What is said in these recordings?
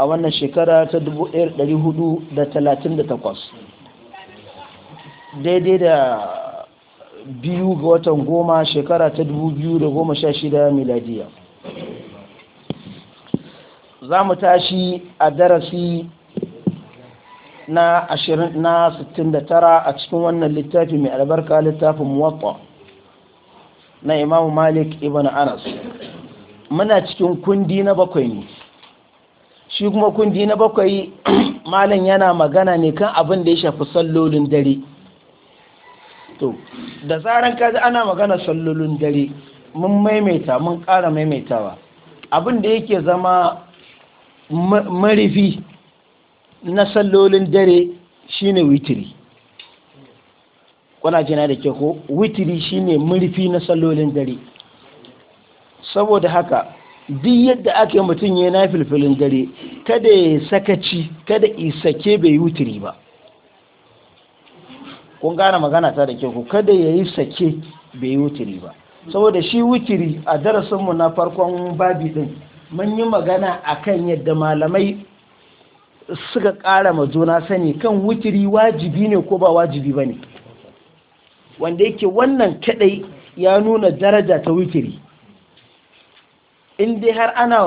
a wannan shekara ta 1438 daidai da biyu ga watan goma shekara ta 2016 miladiya za mu tashi a darasi na 69 a cikin wannan littafi mai albarka littafin muwatta na imamu malik ibn anas muna cikin kundi na bakwai ne shi kuma kundi na bakwai malam yana magana ne kan abin da ya shafi sallolin dare to da zaran kaji ana magana sallolin dare mun maimaita mun ƙara maimaitawa abin da yake zama marifi na sallolin dare shine witiri kuna jina da ke ko witiri shine marifi na sallolin dare saboda haka duk yadda ake mutum ya na filfilin dare kada ya sakaci kada isake bai wuturi ba kun gane magana ta da kyau kada ya yi sake bai wutiri ba saboda shi wutiri a darasinmu na farkon babi din mun yi magana akan yadda malamai suka ƙara ma juna sani kan wutiri wajibi ne ko ba wajibi ba ne wanda yake wannan kadai ya nuna daraja ta wutiri in dai har ana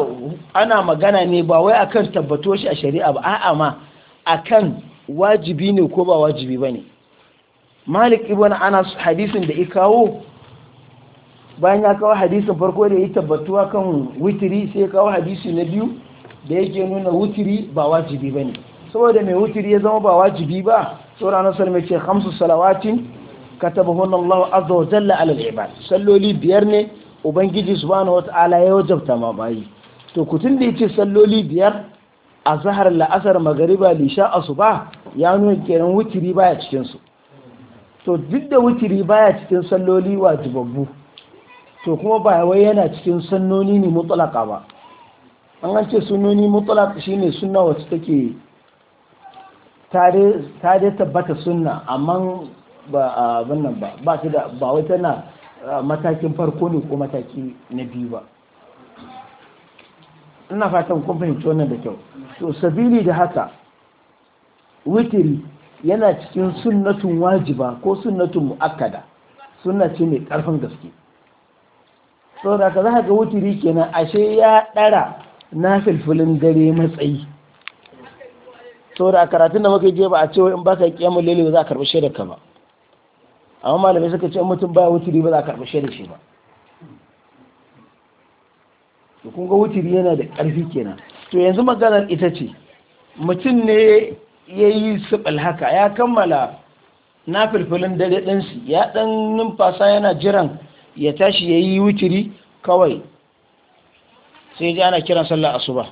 ana magana ne ba wai akan tabbato shi a shari'a ba a'a ma akan wajibi ne ko ba wajibi bane Malik ibn Anas hadisin da ya kawo bayan ya kawo hadisin farko da ya tabbatuwa kan witiri sai ya kawo hadisi na biyu da yake nuna witiri ba wajibi ba saboda mai witiri ya zama ba wajibi ba sura na sallama ce hamsu salawatin katabahu Allah azza wa jalla alal ibad salloli biyar ne ubangiji su wata ala ya wajabta ma bayi to kutun da ya ce salloli biyar a zahar la'asar magariba lisha ba, ya nuna kenan wutiri baya cikinsu, to duk da wutiri baya cikin salloli wajibabbu to kuma ba wai yana cikin sannoni ne mutlaka ba an an ce sunnoni mutlaka shine suna wacce take ta tabbata suna, amma ba abin nan ba ba ta da ba wai tana matakin farko ne ko mataki na biyu ba ina fatan kun fahimci wannan da kyau to sabili da haka witiri yana cikin sunnatun wajiba ko sunnatun mu'akkada sunna ce mai karfin gaske saboda ka za ga witiri kenan ashe ya dara na filfilin dare matsayi saboda da karatun da muka je ba a cewa in baka kiyamul laili ba za a karbi shaidar ka ba amma malamai suka ce mutum baya wuturi ba za a karɓi shaidar shi ba to kun ga wuturi yana da karfi kenan to yanzu maganar ita ce mutum ne ya yi siɓal haka ya kammala na filfilin dare ɗansu ya ɗan numfasa yana jiran ya tashi ya yi wuturi kawai sai ji ana kiran sallah asuba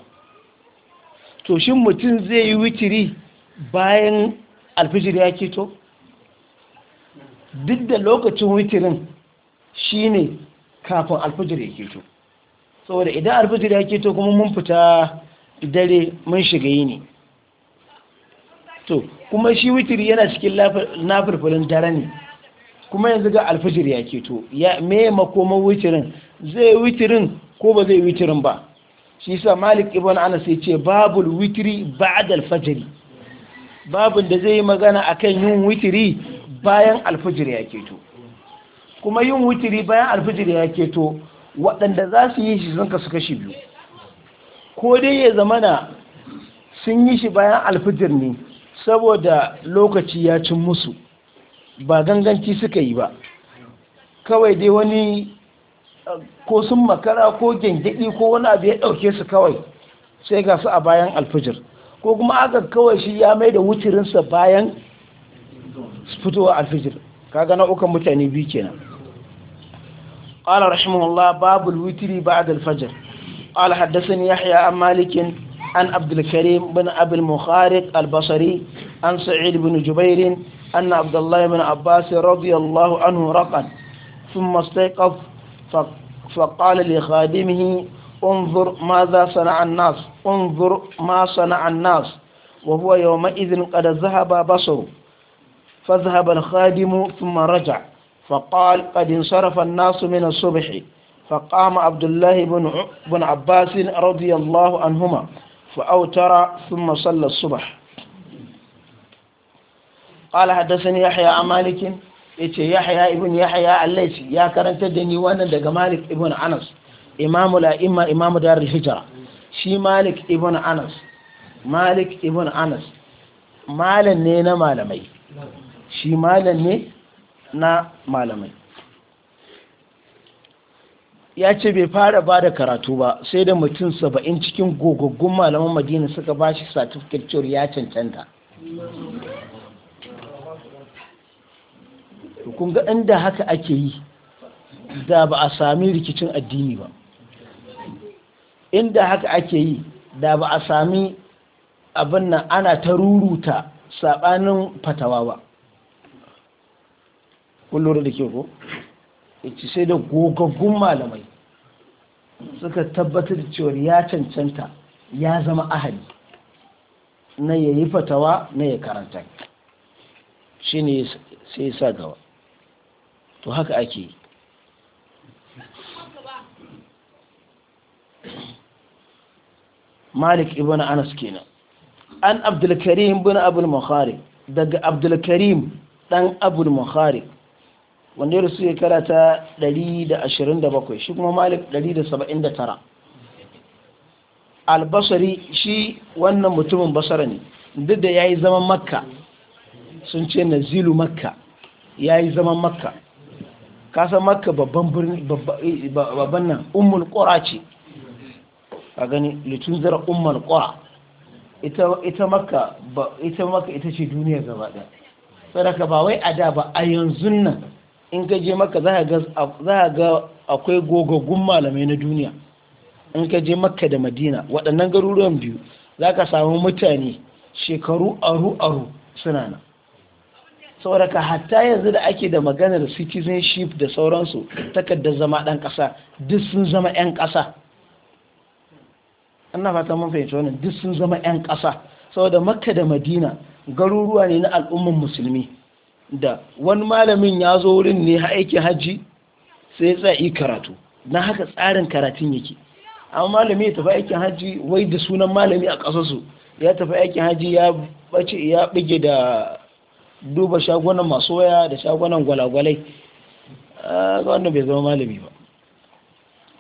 to shin mutum zai yi wuturi bayan alfijir ya keto duk da lokacin witirin ne kafin alfajir ya keto saboda idan alfajir ya keto kuma mun fita dare mun shiga yini to kuma shi witiri yana cikin nafirfilin dare ne kuma yanzu ga alfajir ya keto ya me makoman witirin zai witirin ko ba zai witirin ba shi sa malik ibn anas ya ce babul witiri ba'da alfajiri Babul da zai yi magana akan yin witiri bayan alfijir ya keto kuma yin wutiri bayan alfijir ya keto waɗanda za su yi shi sun kasu kashi biyu ko dai ya zamana sun yi shi bayan alfijir ne saboda lokaci ya cin musu ba ganganci suka yi ba kawai dai wani ko sun makara ko gyangyaɗi ko wani abu ya ɗauke su kawai sai ga su a bayan alfijir ko kuma aka kawai shi ya mai da wucirinsa bayan fitowa alfijir kaga na ukan mutane biyu kenan qala rahimahullah babul witri ba'd alfajr qala haddathani yahya an malik an abd alkarim bin abi al-mukhariq al-basri an sa'id bin jubair anna abdullah bin abbas radiyallahu anhu raqan ثم استيقظ فقال لخادمه انظر ماذا صنع الناس انظر ما صنع الناس وهو يومئذ قد ذهب بصره فذهب الخادم ثم رجع فقال قد انصرف الناس من الصبح فقام عبد الله بن عباس رضي الله عنهما فأوتر ثم صلى الصبح قال حدثني يحيى عن مالك yace Yahya ibn ya karanta da ni wannan daga Malik ibn Anas imamu la'imma imamu darul hijra shi Malik ibn Anas Malik ibn Anas malan ne na malamai shi malam ne na malamai ya ce bai fara ba da karatu ba sai da mutum saba'in cikin gogaggun malaman madina suka ba shi satifikar cewar ya cancanta kun ga inda haka ake yi da ba a sami rikicin addini ba inda haka ake yi da ba a sami abin nan ana ta ruruta saɓanin fatawa ba kun lura da ke ko yace sai da gogaggun malamai suka tabbatar da cewar ya cancanta ya zama ahali na ya yi fatawa na ya karanta shi ne sai sa gaba to haka ake yi malik ibn anas kenan an abdulkarim bin abul makhari daga abdulkarim dan abul makhari wanda ya rasu shekara ta 127 shi kuma malik 179 albasari shi wannan mutumin basara ne duk da ya yi zaman makka sun ce nazilu makka ya yi zaman makka kasan makka babban babban nan umul ƙura ce a gani litun zara umar ƙura ita makka ita ce duniya gaba ɗaya sadaka ba wai a da ba a yanzu nan in ka je maka za a ga akwai gogaggun malamai na duniya in ka je makka da madina waɗannan garuruwan biyu za ka samu mutane shekaru aru-aru suna nan saboda ka hatta yanzu da ake da maganar citizenship da sauransu takardar zama ɗan ƙasa duk sun zama 'yan ƙasa ina fata mun fahimci wannan duk sun zama 'yan ƙasa saboda makka da madina garuruwa ne na al'umman musulmi da wani malamin ya zo wurin ne aiki hajji sai ya tsaye karatu na haka tsarin karatun yake amma malami ya tafi aikin hajji wai da sunan malami a ƙasarsu ya tafi aikin hajji ya bace ya bige da duba shagunan masu waya da shagunan gwalagwalai wannan bai zama malami ba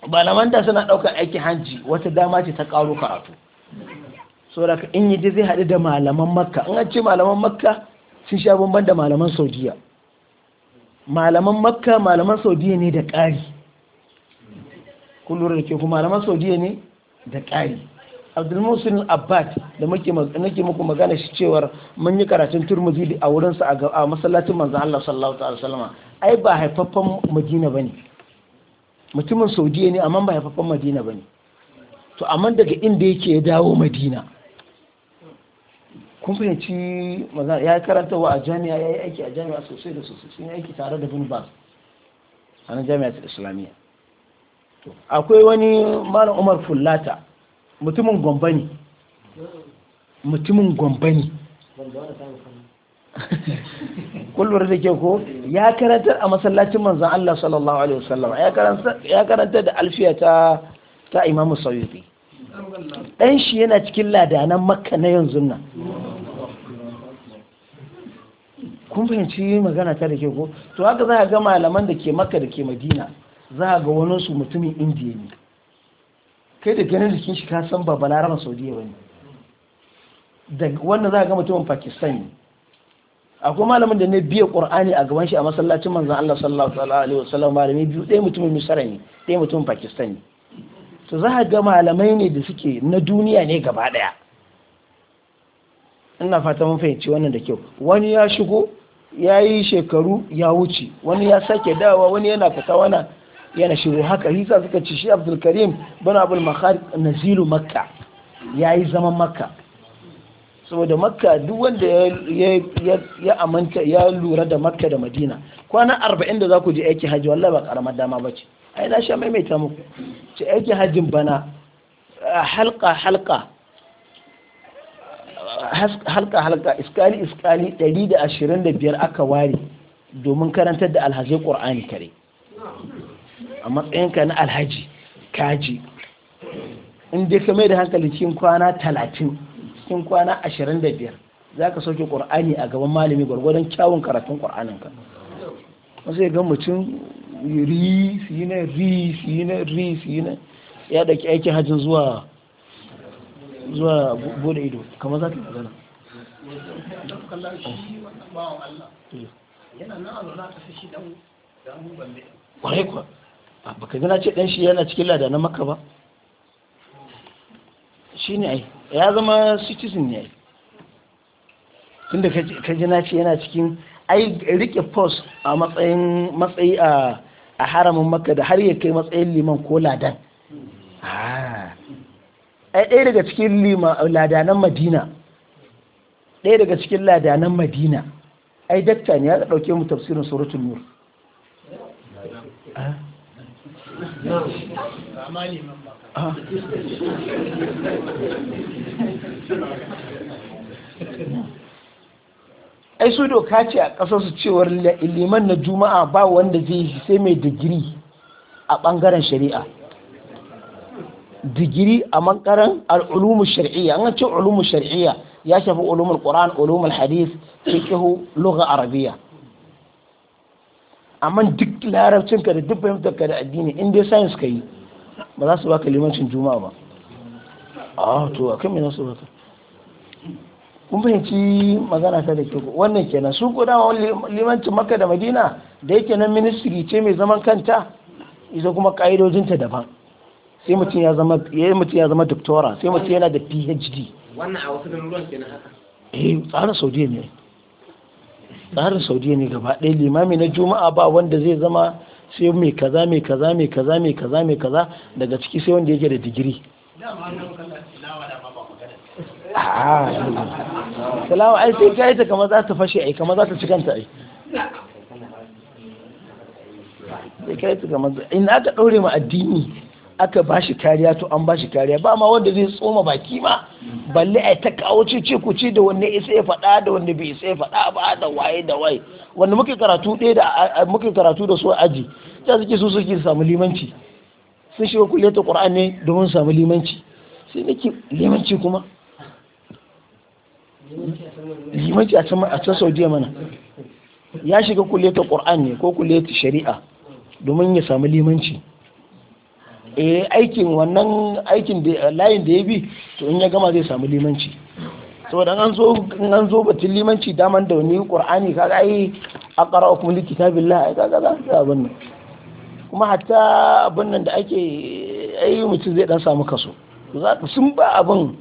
malaman da suna ɗaukar aikin hajji wata dama ce ta ƙaro karatu so in yi zai haɗu da malaman makka in an ce malaman makka sun sha bamban da malaman saudiya malaman makka malaman saudiya ne da ƙari kullum da ke kuma malaman saudiya ne da ƙari abdulmusul abbad da nake muku magana shi cewar mun yi karatun turmuzi a wurinsa a masallacin manzan Allah sallallahu ta'ala salama ai ba haifaffen madina ba ne mutumin saudiya ne amma ba haifaffen madina ba ne to amma daga inda yake ya dawo madina kun fahimci maza ya karanta wa a jami'a ya yi aiki a jami'a sosai da sosai sun yi aiki tare da bin bas a na jami'a ta islamiyya akwai wani malam umar fullata mutumin gwamba ne mutumin gwamba ne kullum da ke ko ya karanta a masallacin manzan Allah sallallahu alaihi wasallam ya karanta da alfiya ta imamu sauyi ɗan shi yana cikin ladanan makka na yanzu nan kun fahimci magana ta da ke ko to haka za a ga malaman da ke makka da ke madina za a ga wani su mutumin indiya ne kai da ganin jikin shi ka san ba balaraban saudiya ba ne da wanda za a ga mutumin pakistan ne akwai malamin da ne biya qur'ani a gaban shi a masallacin manzon Allah sallallahu alaihi wasallam malami biyu ɗaya mutumin misra ne ɗaya mutumin pakistan ne to za ga malamai ne da suke na duniya ne gaba daya ina fata mun fahimci wannan da kyau wani ya shigo ya yi shekaru ya wuce wani ya sake dawa wani yana fita wana yana shigo haka hisa suka ci shi abdul karim bin abul makhar nazilu makka ya yi zaman makka saboda makka duk wanda ya amanta ya lura da makka da madina kwana arba'in da za ku je aiki hajji wallahi ba karamar dama ba ce ai na sha maimaita muku ce aiki hajjin bana halka halka halka halka iskali iskali 125 aka ware domin karantar da alhazai ƙor'ani kare a matsayinka na alhaji kaji in dai ka mai da hankali cikin kwana 30 cikin kwana 25 za ka sauke ƙur'ani a gaban malami gwargwadon kyawun karatun ka sai ga mutum ri su yi na ri su yi na ri su yi na ya daki aikin hajji zuwa zuwa bude ido kamar za ka yi magana kwarai kwa ba ka gana ce dan shi yana cikin lada na maka ba shi ne ai ya zama citizen ne ai tunda ka ji na ce yana cikin ai rike post a matsayin matsayi a a haramin makka da har ya kai matsayin liman ko ladan ah. ai ɗaya daga cikin ladanan madina ɗaya daga cikin ladanan madina ai dakta ne ya ɗauke mu tafsirin suratul nur ah. Ah. ai su doka ce a ƙasarsu cewar liman na juma'a ba wanda zai yi sai mai digiri a ɓangaren shari'a digiri a mankaran al'ulumu shari'iyya an ce ulumu shari'iyya ya shafi ulumul qur'an ulumul hadith fiqhu lugha arabiyya amma duk larabcin ka da duk fahimtar ka da addini in dai science kai ba za su baka limancin juma'a ba ah, a to akan me za su baka kun fahimci magana ta da ke wannan kenan su ko dama limancin makka da madina da yake nan ministry ce mai zaman kanta ita kuma ka'idojinta daban sai mutum ya zama ya mutum ya zama doctora sai mutum yana da PhD wannan a wasu garuruwan kenan haka eh tsarin Saudiya ne tsarin Saudiya ne gaba ɗaya limami na juma'a ba wanda zai zama sai mai kaza mai kaza mai kaza mai kaza mai kaza daga ciki sai wanda yake da digiri dama an salawa ai sai ka yi ta kama za ta fashe ai kama za ta kanta ai sai ka yi ta kama in aka ɗaure ma addini aka ba shi kariya to an ba shi kariya ba ma wanda zai tsoma baki ma balle ai ta kawo cece ku ce da wanne isa ya faɗa da wanda bai isa ya faɗa ba da waye da waye wanda muke karatu ɗaya da muke karatu da su aji ta suke su suke samu limanci sun shiga kulle ta ne domin samu limanci sai nake limanci kuma limanci a can saudiya mana ya shiga kuleta ƙur'an ne ko kuleta shari'a domin ya samu limanci eh aikin wannan aikin layin da ya bi to in ya gama zai samu limanci saboda an zo an zo batun limanci daman da wani qur'ani kaga ai a kuma li kitabillah ai kaga za abin nan kuma hatta abin nan da ake ai mutum zai ɗan samu kaso sun ba abin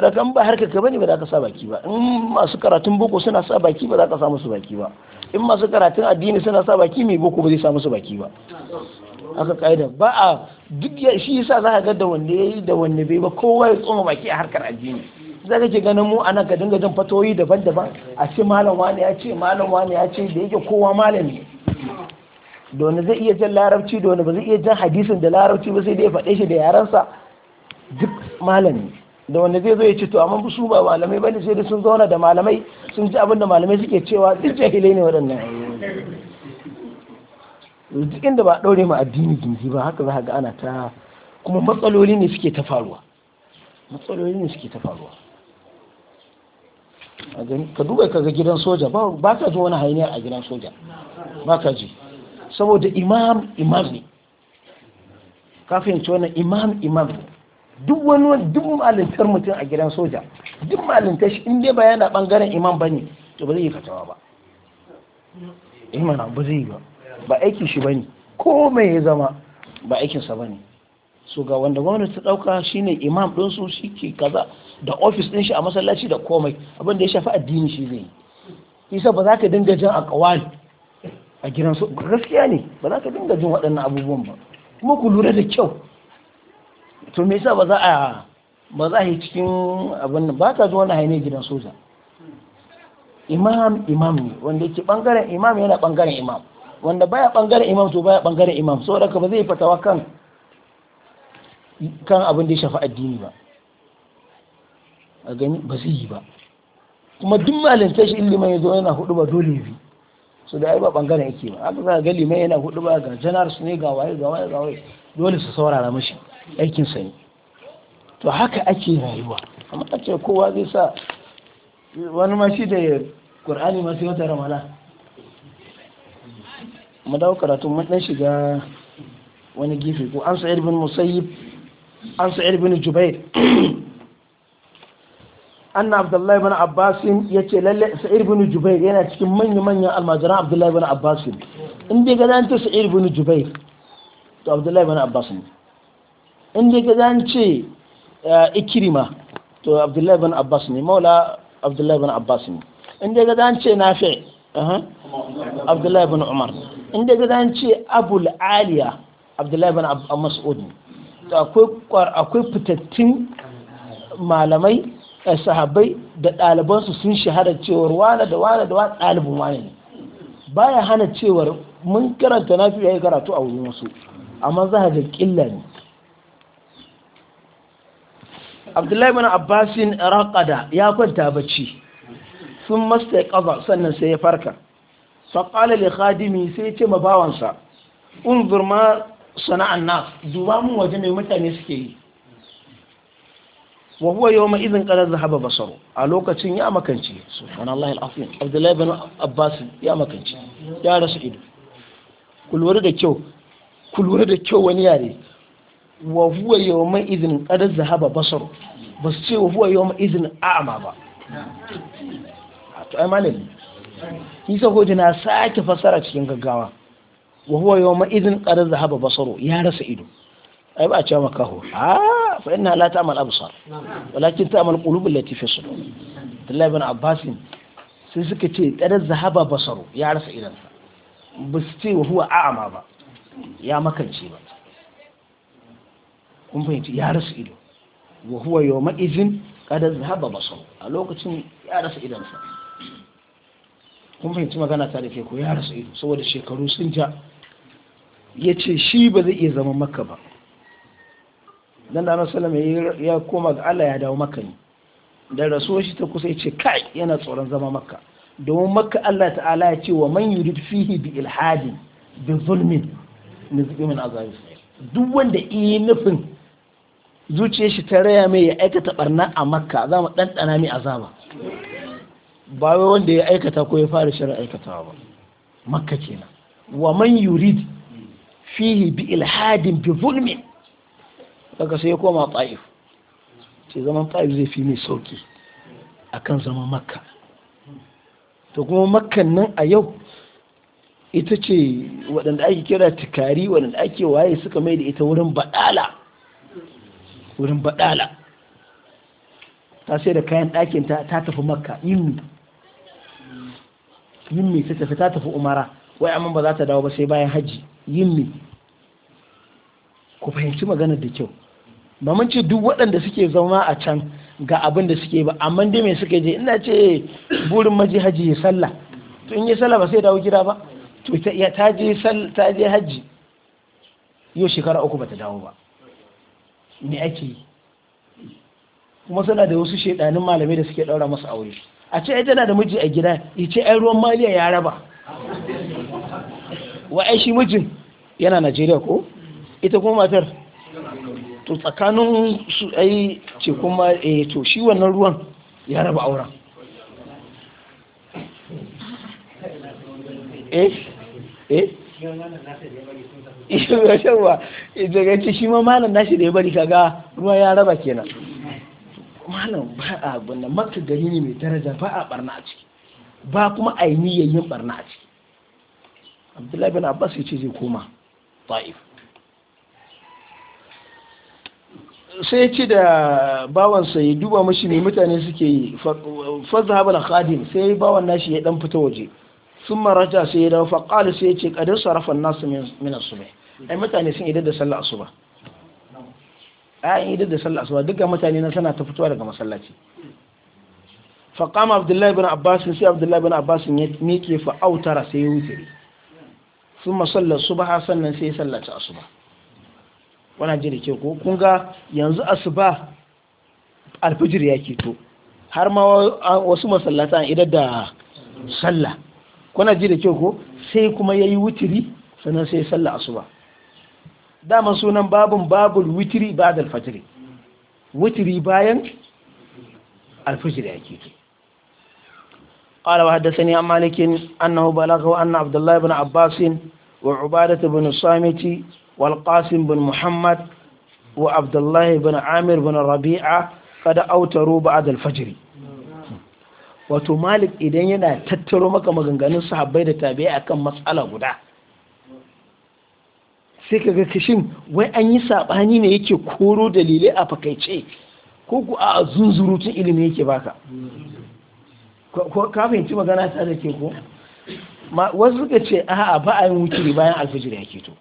da kan ba harkar ka bane ba za ka sa baki ba in masu karatun boko suna sa baki ba za ka sa musu baki ba in masu karatun addini suna sa baki mai boko ba zai sa musu baki ba aka kaida ba a duk ya shi yasa za ka ga da wanda yayi da wanda bai ba kowa ya tsoma baki a harkar addini za ka ke ganin mu ana ka dinga jin fatoyi daban-daban a ce malam wani ya ce malam wani ya ce da yake kowa malami da wani zai iya jan larabci da wani ba zai iya jan hadisin da larabci ba sai da ya faɗe shi da yarensa duk malami da wanda zai zo ya ce to amma su ba malamai bane sai dai sun zauna da malamai sun ji abin da malamai suke cewa duk jahilai ne waɗannan duk inda ba ɗaure mu addini gindi ba haka za ga ana ta kuma matsaloli ne suke ta faruwa matsaloli ne suke ta faruwa ka duba ka ga gidan soja ba ka ji wani hainiyar a gidan soja ba ka ji saboda imam imam ne kafin ci wannan imam imam ne duk wani duk malintar mutum a gidan soja duk malintar shi in dai ba yana bangaren imam bane to ba zai yi fatawa ba imana eh ba zai yi ba ba aikin shi bane ko mai ya zama ba aikin sa bane so ga wanda gwamnati ta dauka shine imam din su shike kaza da ofis din shi a masallaci da komai abin da ya shafi addini shi zai yi isa ba za ka dinga jin akawal a gidan so gaskiya ne ba za ka dinga jin waɗannan abubuwan ba kuma ku lura da kyau to me yasa ba za a ba za a yi cikin abin ba ka zo wani haine gidan soja imam imam ne wanda yake bangaren imam yana bangaren imam wanda baya bangaren imam to baya bangaren imam da ka ba zai fatawa kan kan abin da ya shafi addini ba a gani ba zai yi ba kuma duk malinta shi ilimin ya zo yana hudu ba dole bi su da ai ba bangaren yake ba haka za ga limai yana hudu ba ga janar su ne ga waye ga waye ga waye dole su saurara mashi aikin sani to haka ake rayuwa amma a ce kowa zai sa wani ma shi da ƙur'ani masu wata ramala mu dawo karatu mun dan shiga wani gefe ko an sa'id bin musayyib an sa'id bin jubair anna abdullahi bin abbas yace lalle sa'id bin jubair yana cikin manyan manyan almajiran abdullahi bin abbas in dai ga dan ta sa'id bin jubair to abdullahi bin abbas ne in dai kaza an ce eh, ikirima to abdullahi bin abbas ne maula abdullahi bin abbas ne in dai kaza an ce nafi uh-huh, abdullahi bin umar in dai kaza an ce abul aliya abdullahi bin mas'ud to akwai fitattun malamai eh, sahabbai da ɗalibansu sun shahara cewar wane da wane da wane ɗalibin wane ne baya hana cewar mun karanta na fiye karatu a wurin wasu amma za ga ƙilla ne abdullahi bin abbasin raqada ya kwanta bacci sun masta ya ƙaza sannan sai ya farka faƙalar da khadimi sai ce ma bawansa in zurma sana'an na duba mun waje mai mutane suke yi wa huwa yawma izin ƙanar zahaba basaru a lokacin ya makanci subhanallahi al'afin abdullahi bin abbas ya makanci ya rasu ido kulwari da kyau kulwari da kyau wani yare wa huwa yawma idhin qad zahaba basar ba su ce wa huwa yawma idhin a'ma ba to ai malami isa ko na sake fasara cikin gaggawa wa huwa yawma idhin qad zahaba basar ya rasa ido ai ba a cewa makaho a fa inna la ta'mal absar walakin ta'mal qulub allati fi sudur Abdullahi ibn Abbas sai suka ce qad zahaba basar ya rasa idansa ba su ce wa huwa a'ma ba ya makance ba kun fahimci ya rasa ido wa huwa yawma izin kada zahaba basar a lokacin ya rasa idonsa kun fahimci magana ta da ke ko ya rasa ido saboda shekaru sun ja ya ce shi ba zai iya zama maka ba dan da salama ya koma ga Allah ya dawo maka ne da rasuwar shi ta kusa ya ce kai yana tsoron zama maka domin maka Allah ta'ala ya ce wa man yurid fihi bi ilhadin bi zulmin nuzbi min azabis duk wanda yi nufin zuciyar shi ta raya mai ya aikata barna a makka za mu ɗanɗana mai azaba ba wai wanda ya aikata ko ya fara shirin aikatawa ba makka kenan wa man yurid fihi bi ilhadin bi zulmi daga sai ya koma ta'if ce zaman ta'if zai fi mai sauki akan zaman makka to kuma makkan nan a yau ita ce waɗanda ake kira tikari waɗanda ake waye suka mai da ita wurin baɗala wurin badala ta sai da kayan ɗakin ta tafi makka yimmi yimmi ta tafi ta tafi umara wai amma ba za ta dawo ba sai bayan hajji yimmi ku fahimci maganar da kyau ba mun ce duk waɗanda suke zama a can ga abin da suke ba amma dai me suka je ina ce burin maji haji ya sallah to in ya sallah ba sai dawo gida ba to ta je ta yau shekara uku ba ta dawo ba me ake yi kuma suna da wasu shaidanin malamai da suke ɗaura masa aure a ce ai tana da miji a gida ya ce ai ruwan maliya ya raba wa shi mijin yana Najeriya ko ita kuma matar to tsakanin su ai ce kuma eh to shi wannan ruwan ya raba auren eh eh daga ce shi ma malam nashi da ya bari kaga ruwa ya raba kenan malam ba a bunna maka gari ne mai daraja ba a barna a ciki ba kuma a yi niyyar barna a ciki abdullahi bin abbas ya ce zai koma ta'if sai ya ce da bawansa ya duba mashi ne mutane suke yi fazza habal khadim sai bawan nashi ya dan fita waje sun maraja sai ya dawo faƙali sai ya ce ƙadar sarrafa nasu min asumai ai mutane sun idar da sallah asuba ayan idar da sallah asuba dukkan mutane na sana ta fitowa daga masallaci fa qama abdullahi ibn abbas sai abdullahi ibn abbas ya mike fa autara sai ya wuce sun masallar subha sannan sai ya sallaci asuba wannan jira ke ko kun ga yanzu asuba alfijir ya to har ma wasu masallata idar da sallah kuna ji da kyau ko sai kuma ya yi wutiri sannan sai sallah asuba dama sunan babun babul witiri ba da alfajiri witiri bayan alfajiri yake A قال وحدثني عن مالك أنه بلغه عبد الله بن عباس بن الصامت والقاسم بن محمد وعبد الله بن عامر بن قد بعد الفجر wato malik idan yana tattaro maka maganganun sahabbai da tabi'a akan matsala guda sai ka ga kashin wai an yi saɓani ne yake koro dalilai a fakaice ko ku a zunzurutun ilimi yake baka ka fahimci magana ta da ke ko wasu suka ce a'a ba a yin wuturi bayan alfajiri ya keto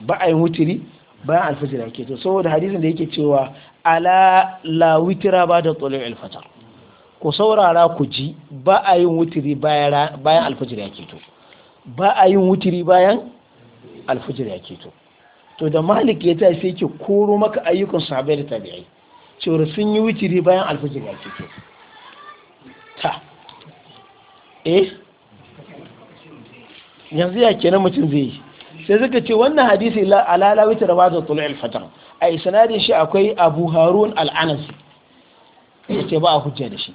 ba a yin wuturi bayan alfajiri ya keto saboda hadisin da yake cewa ala la witira ba da tsolin alfajar ku saurara ku ji ba a yin wuturi bayan alfajiri ya keto ba a yin wuturi bayan alfijir ya keto to da malik ya ta sai ke koro maka ayyukan sahabai da tabi'ai cewar sun yi witiri bayan alfijir ya keto ta eh yanzu ya kenan mutum zai yi sai suka ce wannan hadisi alala witar ba da tulu alfatar a sanadin shi akwai abu harun al'anasi ya ce ba a hujja da shi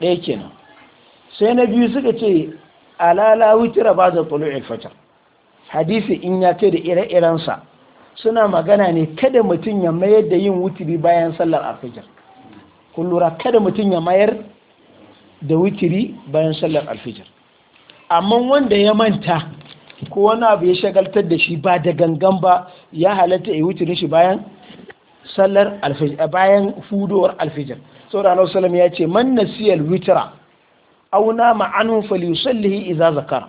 ɗaya kenan sai na biyu suka ce alala witar ba da tulu alfatar hadisi in ya ce da ire-irensa suna magana ne kada mutum ya mayar da yin wutiri bayan sallar alfijir kun lura kada mutum ya mayar da wutiri bayan sallar alfijir amma wanda ya manta ko wani abu ya shagaltar da shi ba da gangan ba ya halatta ya wutirin shi bayan sallar alfijir bayan fudowar alfijir saboda Allah ya ce man nasiyal witra aw ma'anun fali falyusallihi idza zakara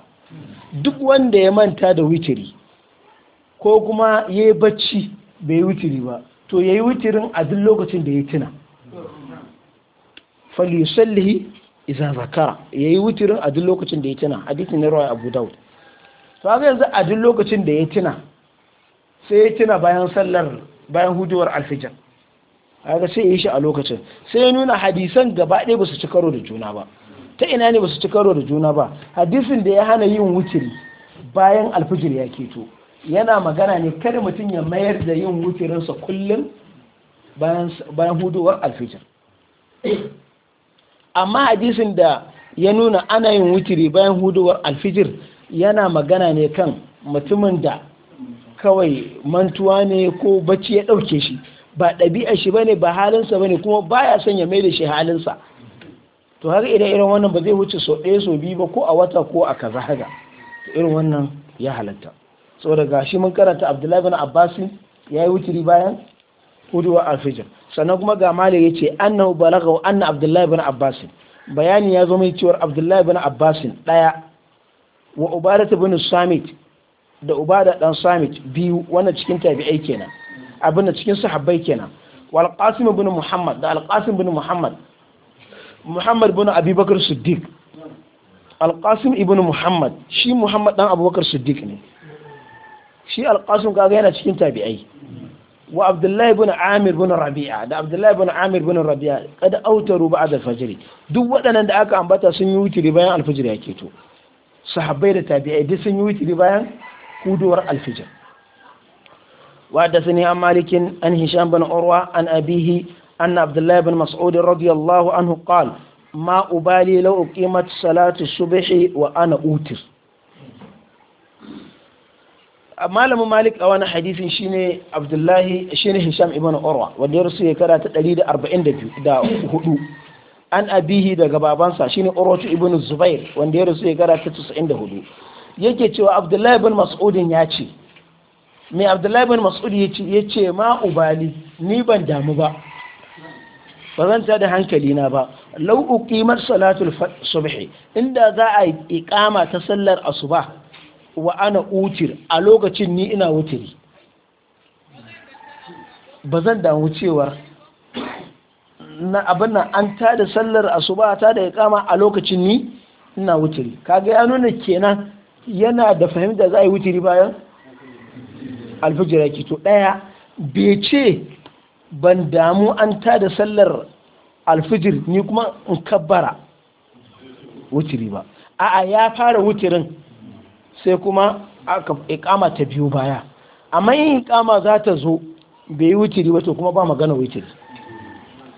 duk wanda ya manta da witiri ko kuma ya yi bacci bai yi witiri ba to ya yi witirin a duk lokacin da ya tuna falisallihi iza zakara ya yi witirin a duk lokacin da ya tuna hadisi na rawar abu daud to haka yanzu a duk lokacin da ya tuna sai ya tuna bayan sallar bayan huduwar alfijar haka sai ya yi shi a lokacin sai ya nuna hadisan gaba ɗaya ba su ci karo da juna ba ta ina ne ba su ci karo da juna ba hadisin da ya hana yin wutiri bayan alfijir ya keto yana magana ne kada mutum ya mayar da yin wutirinsa kullum bayan huduwar alfijir amma hadisin da ya nuna ana yin wutiri bayan huduwar alfijir yana magana ne kan mutumin da kawai mantuwa ne ko bacci ya ɗauke shi ba ɗabi'a shi ba ne, ba halinsa ba ne, kuma baya son ya mai da shi halinsa to har idan irin wannan ba zai wuce so ɗaya so biyu ba ko a wata ko a kaza haka to irin wannan ya halatta saboda gashi mun karanta abdullahi bin Abbas ya yi wuturi bayan huduwa alfijir sannan kuma ga mali ya ce annahu balagha anna abdullahi bin Abbas. bayani ya zo mai cewar abdullahi bin Abbas ɗaya wa ta bin samit da ubada dan samit biyu wannan cikin tabi'ai kenan abin da cikin sahabbai kenan wal qasim bin muhammad da al qasim bin muhammad muhammad bin abubakar siddiq Al-Qasim ibn muhammad shi muhammad dan abubakar siddiq ne shi al Al-Qasim kaga yana cikin tabi'ai wa abdullahi bin amir bin rabi'a da abdullahi bin amir bin rabi'a kada autaru ba'da al-fajr duk waɗannan da aka ambata sun yi wutiri bayan al-fajr yake to sahabbai da tabi'ai duk sun yi wutiri bayan kuduwar al-fajr wa da sani an malikin an hisham bin urwa an abihi أن عبد الله بن مسعود رضي الله عنه قال ما أبالي لو أقيمت صلاة الصبح وأنا أوتر malamin malik a wani hadisin shine abdullahi shine hisham ibn urwa wanda ya rusu shekara ta 144 an abihi daga babansa shine urwatu ibn zubair wanda ya rusu shekara ta 94 yake cewa abdullahi ibn mas'ud ya ce mai abdullahi ibn mas'ud ya ce ma ubali ni ban damu ba ba zan ta da hankali na ba lau'u ƙimar salatul subhi inda za a iqama ta sallar asuba wa ana utir a lokacin ni ina wutiri ba zan damu cewar na abin an ta da sallar asuba ta da ikama a lokacin ni ina wutiri kaga ya nuna kenan yana da fahimta za a yi wutiri bayan alfijira ki to daya bai ce ban damu an ta da sallar alfijir ni kuma in kabbara wutiri ba a'a ya fara wutirin sai kuma aka ikama ta biyu baya amma yin ikama za ta zo bai yi wutiri ba to kuma ba magana wutiri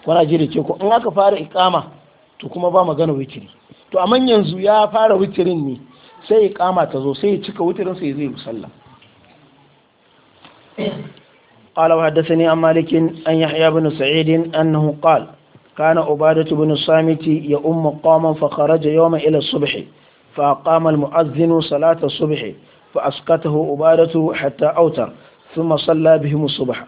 kwana jiri da ce ko in aka fara ikama to kuma ba magana wutiri to amma yanzu ya fara wutirin ne sai ikama ta zo sai ya cika wutirin sai zai musalla قال وحدثني عن مالك أن يحيى بن سعيد أنه قال كان عبادة بن الصامت يؤم قوما فخرج يوم إلى الصبح فأقام المؤذن صلاة الصبح فأسقطه عبادة حتى أوتر ثم صلى بهم الصبح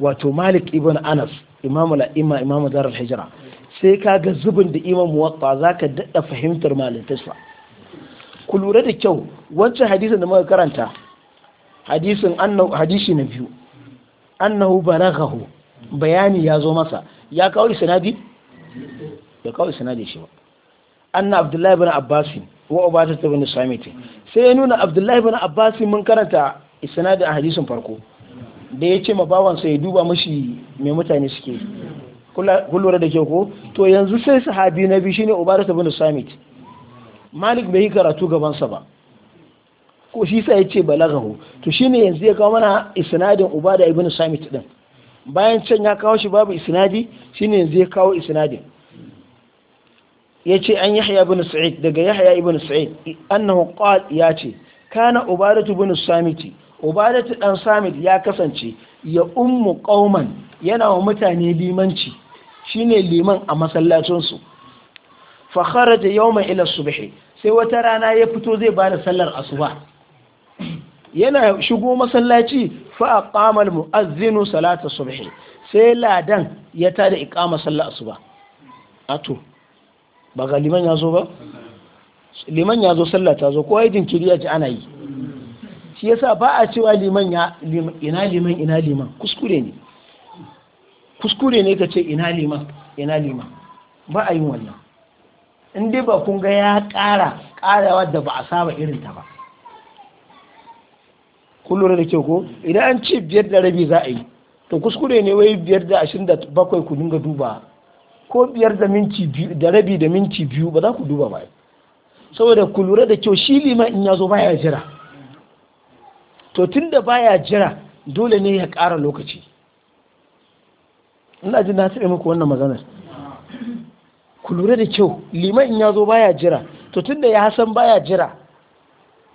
wato malik ibn anas imamu la'ima imamu darar hijira sai ka ga zubin da imam muwatta za ka daɗa fahimtar malintarsa ku lura da kyau wancan hadisin da muka karanta hadisin annahu hadisi na biyu annahu balaghahu bayani ya zo masa ya kawo sanadi ya kawo sanadi shi ba anna abdullahi ibn abbas wa ubata ibn samit sai ya nuna abdullahi ibn abbas mun karanta sanadi a hadisin farko da ya ce ma sai ya duba mashi me mutane suke kullura da ke ko to yanzu sai sahabi na biyu shine ubata ibn samit malik bai yi karatu gabansa ba ko shi sa yace balagahu, to shine yanzu ya kawo mana isnadin ubada ibn samit din bayan can ya kawo shi babu isnadi shine yanzu ya kawo isnadin yace an yahya ibn sa'id daga yahya ibn sa'id annahu qal ce, kana ubadatu ibn samiti ubadatu dan samit ya kasance ya ummu qauman yana wa mutane limanci shine liman a masallacin su fa kharaja yawma ila subhi sai wata rana ya fito zai bada sallar asuba yana shigo masallaci fa aqama al-mu'adhdhin salata subhi sai ladan ya tada iqama sallar asuba ato ba ga liman ya zo ba liman ya zo sallah ta zo kowa yajin kiriya ji ana yi shi yasa ba a cewa liman ya ina liman ina liman kuskure ne kuskure ne ka ce ina liman ina liman ba a yin wannan in ba kun ga ya ƙara ƙarawa da ba a saba irin ta ba kullum da kyau ko idan an ce biyar da rabi za a yi to kuskure ne wai biyar da ashirin da bakwai ku dinga duba ko biyar da minti biyu da rabi da minti biyu ba za ku duba ba saboda ku lura da kyau shi liman in ya zo baya jira to tun ba baya jira dole ne ya ƙara lokaci ina ji na taɓa muku wannan maganar ku lura da kyau liman in ya zo baya jira to tun da ya san baya jira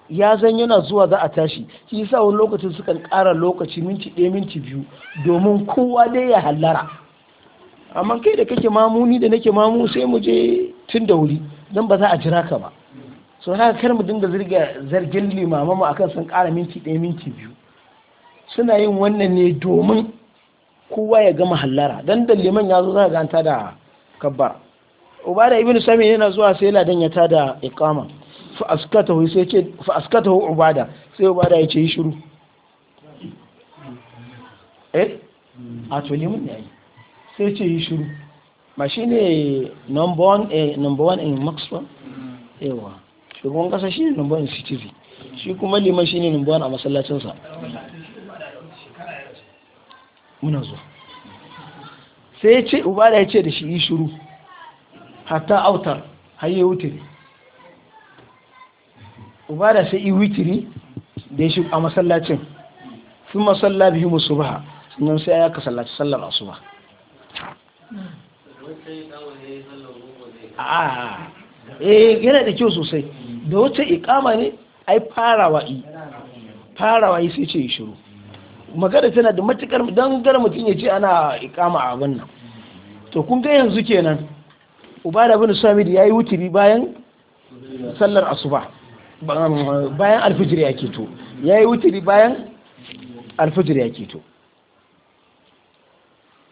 ya zan yana zuwa za a tashi shi yasa wani lokacin sukan kara lokaci minti ɗaya minti biyu domin kowa dai ya hallara amma kai da kake mamu ni da nake mamu sai mu je tun da wuri don ba za a jira ka ba so haka kar mu dinga zirga zargin limama mu akan sun ƙara minti ɗaya minti biyu suna yin wannan ne domin kowa ya gama hallara dan da liman ya zo za ga an tada kabbar ubada ibnu sami yana zuwa sai ladan ya tada iqama fa askatahu sai ubada sai ubada ya ce yi shiru eh a to limin yayi sai ce yi shiru ma shi ne number one in maxwell yawa shugaban kasa shi ne number one ctv shi kuma liman shi ne number one a masallacinsa muna zo sai ce ubada ya ce da shi yi shiru hatta autar har ya ubada sai yi witiri da shi a masallacin fi masalla bihi musu ba sannan sai ya ka sallaci sallar asuba a eh yana da kyau sosai da wacce ikama ne ai farawa yi farawa yi sai ce yi shiru magana tana da matukar don gara mutum ya ce ana ikama a abin nan to kun ga yanzu kenan ubada bin da ya yi wuturi bayan sallar asuba bayan alfijir ya keto ya yi wuturi bayan alfijir ya keto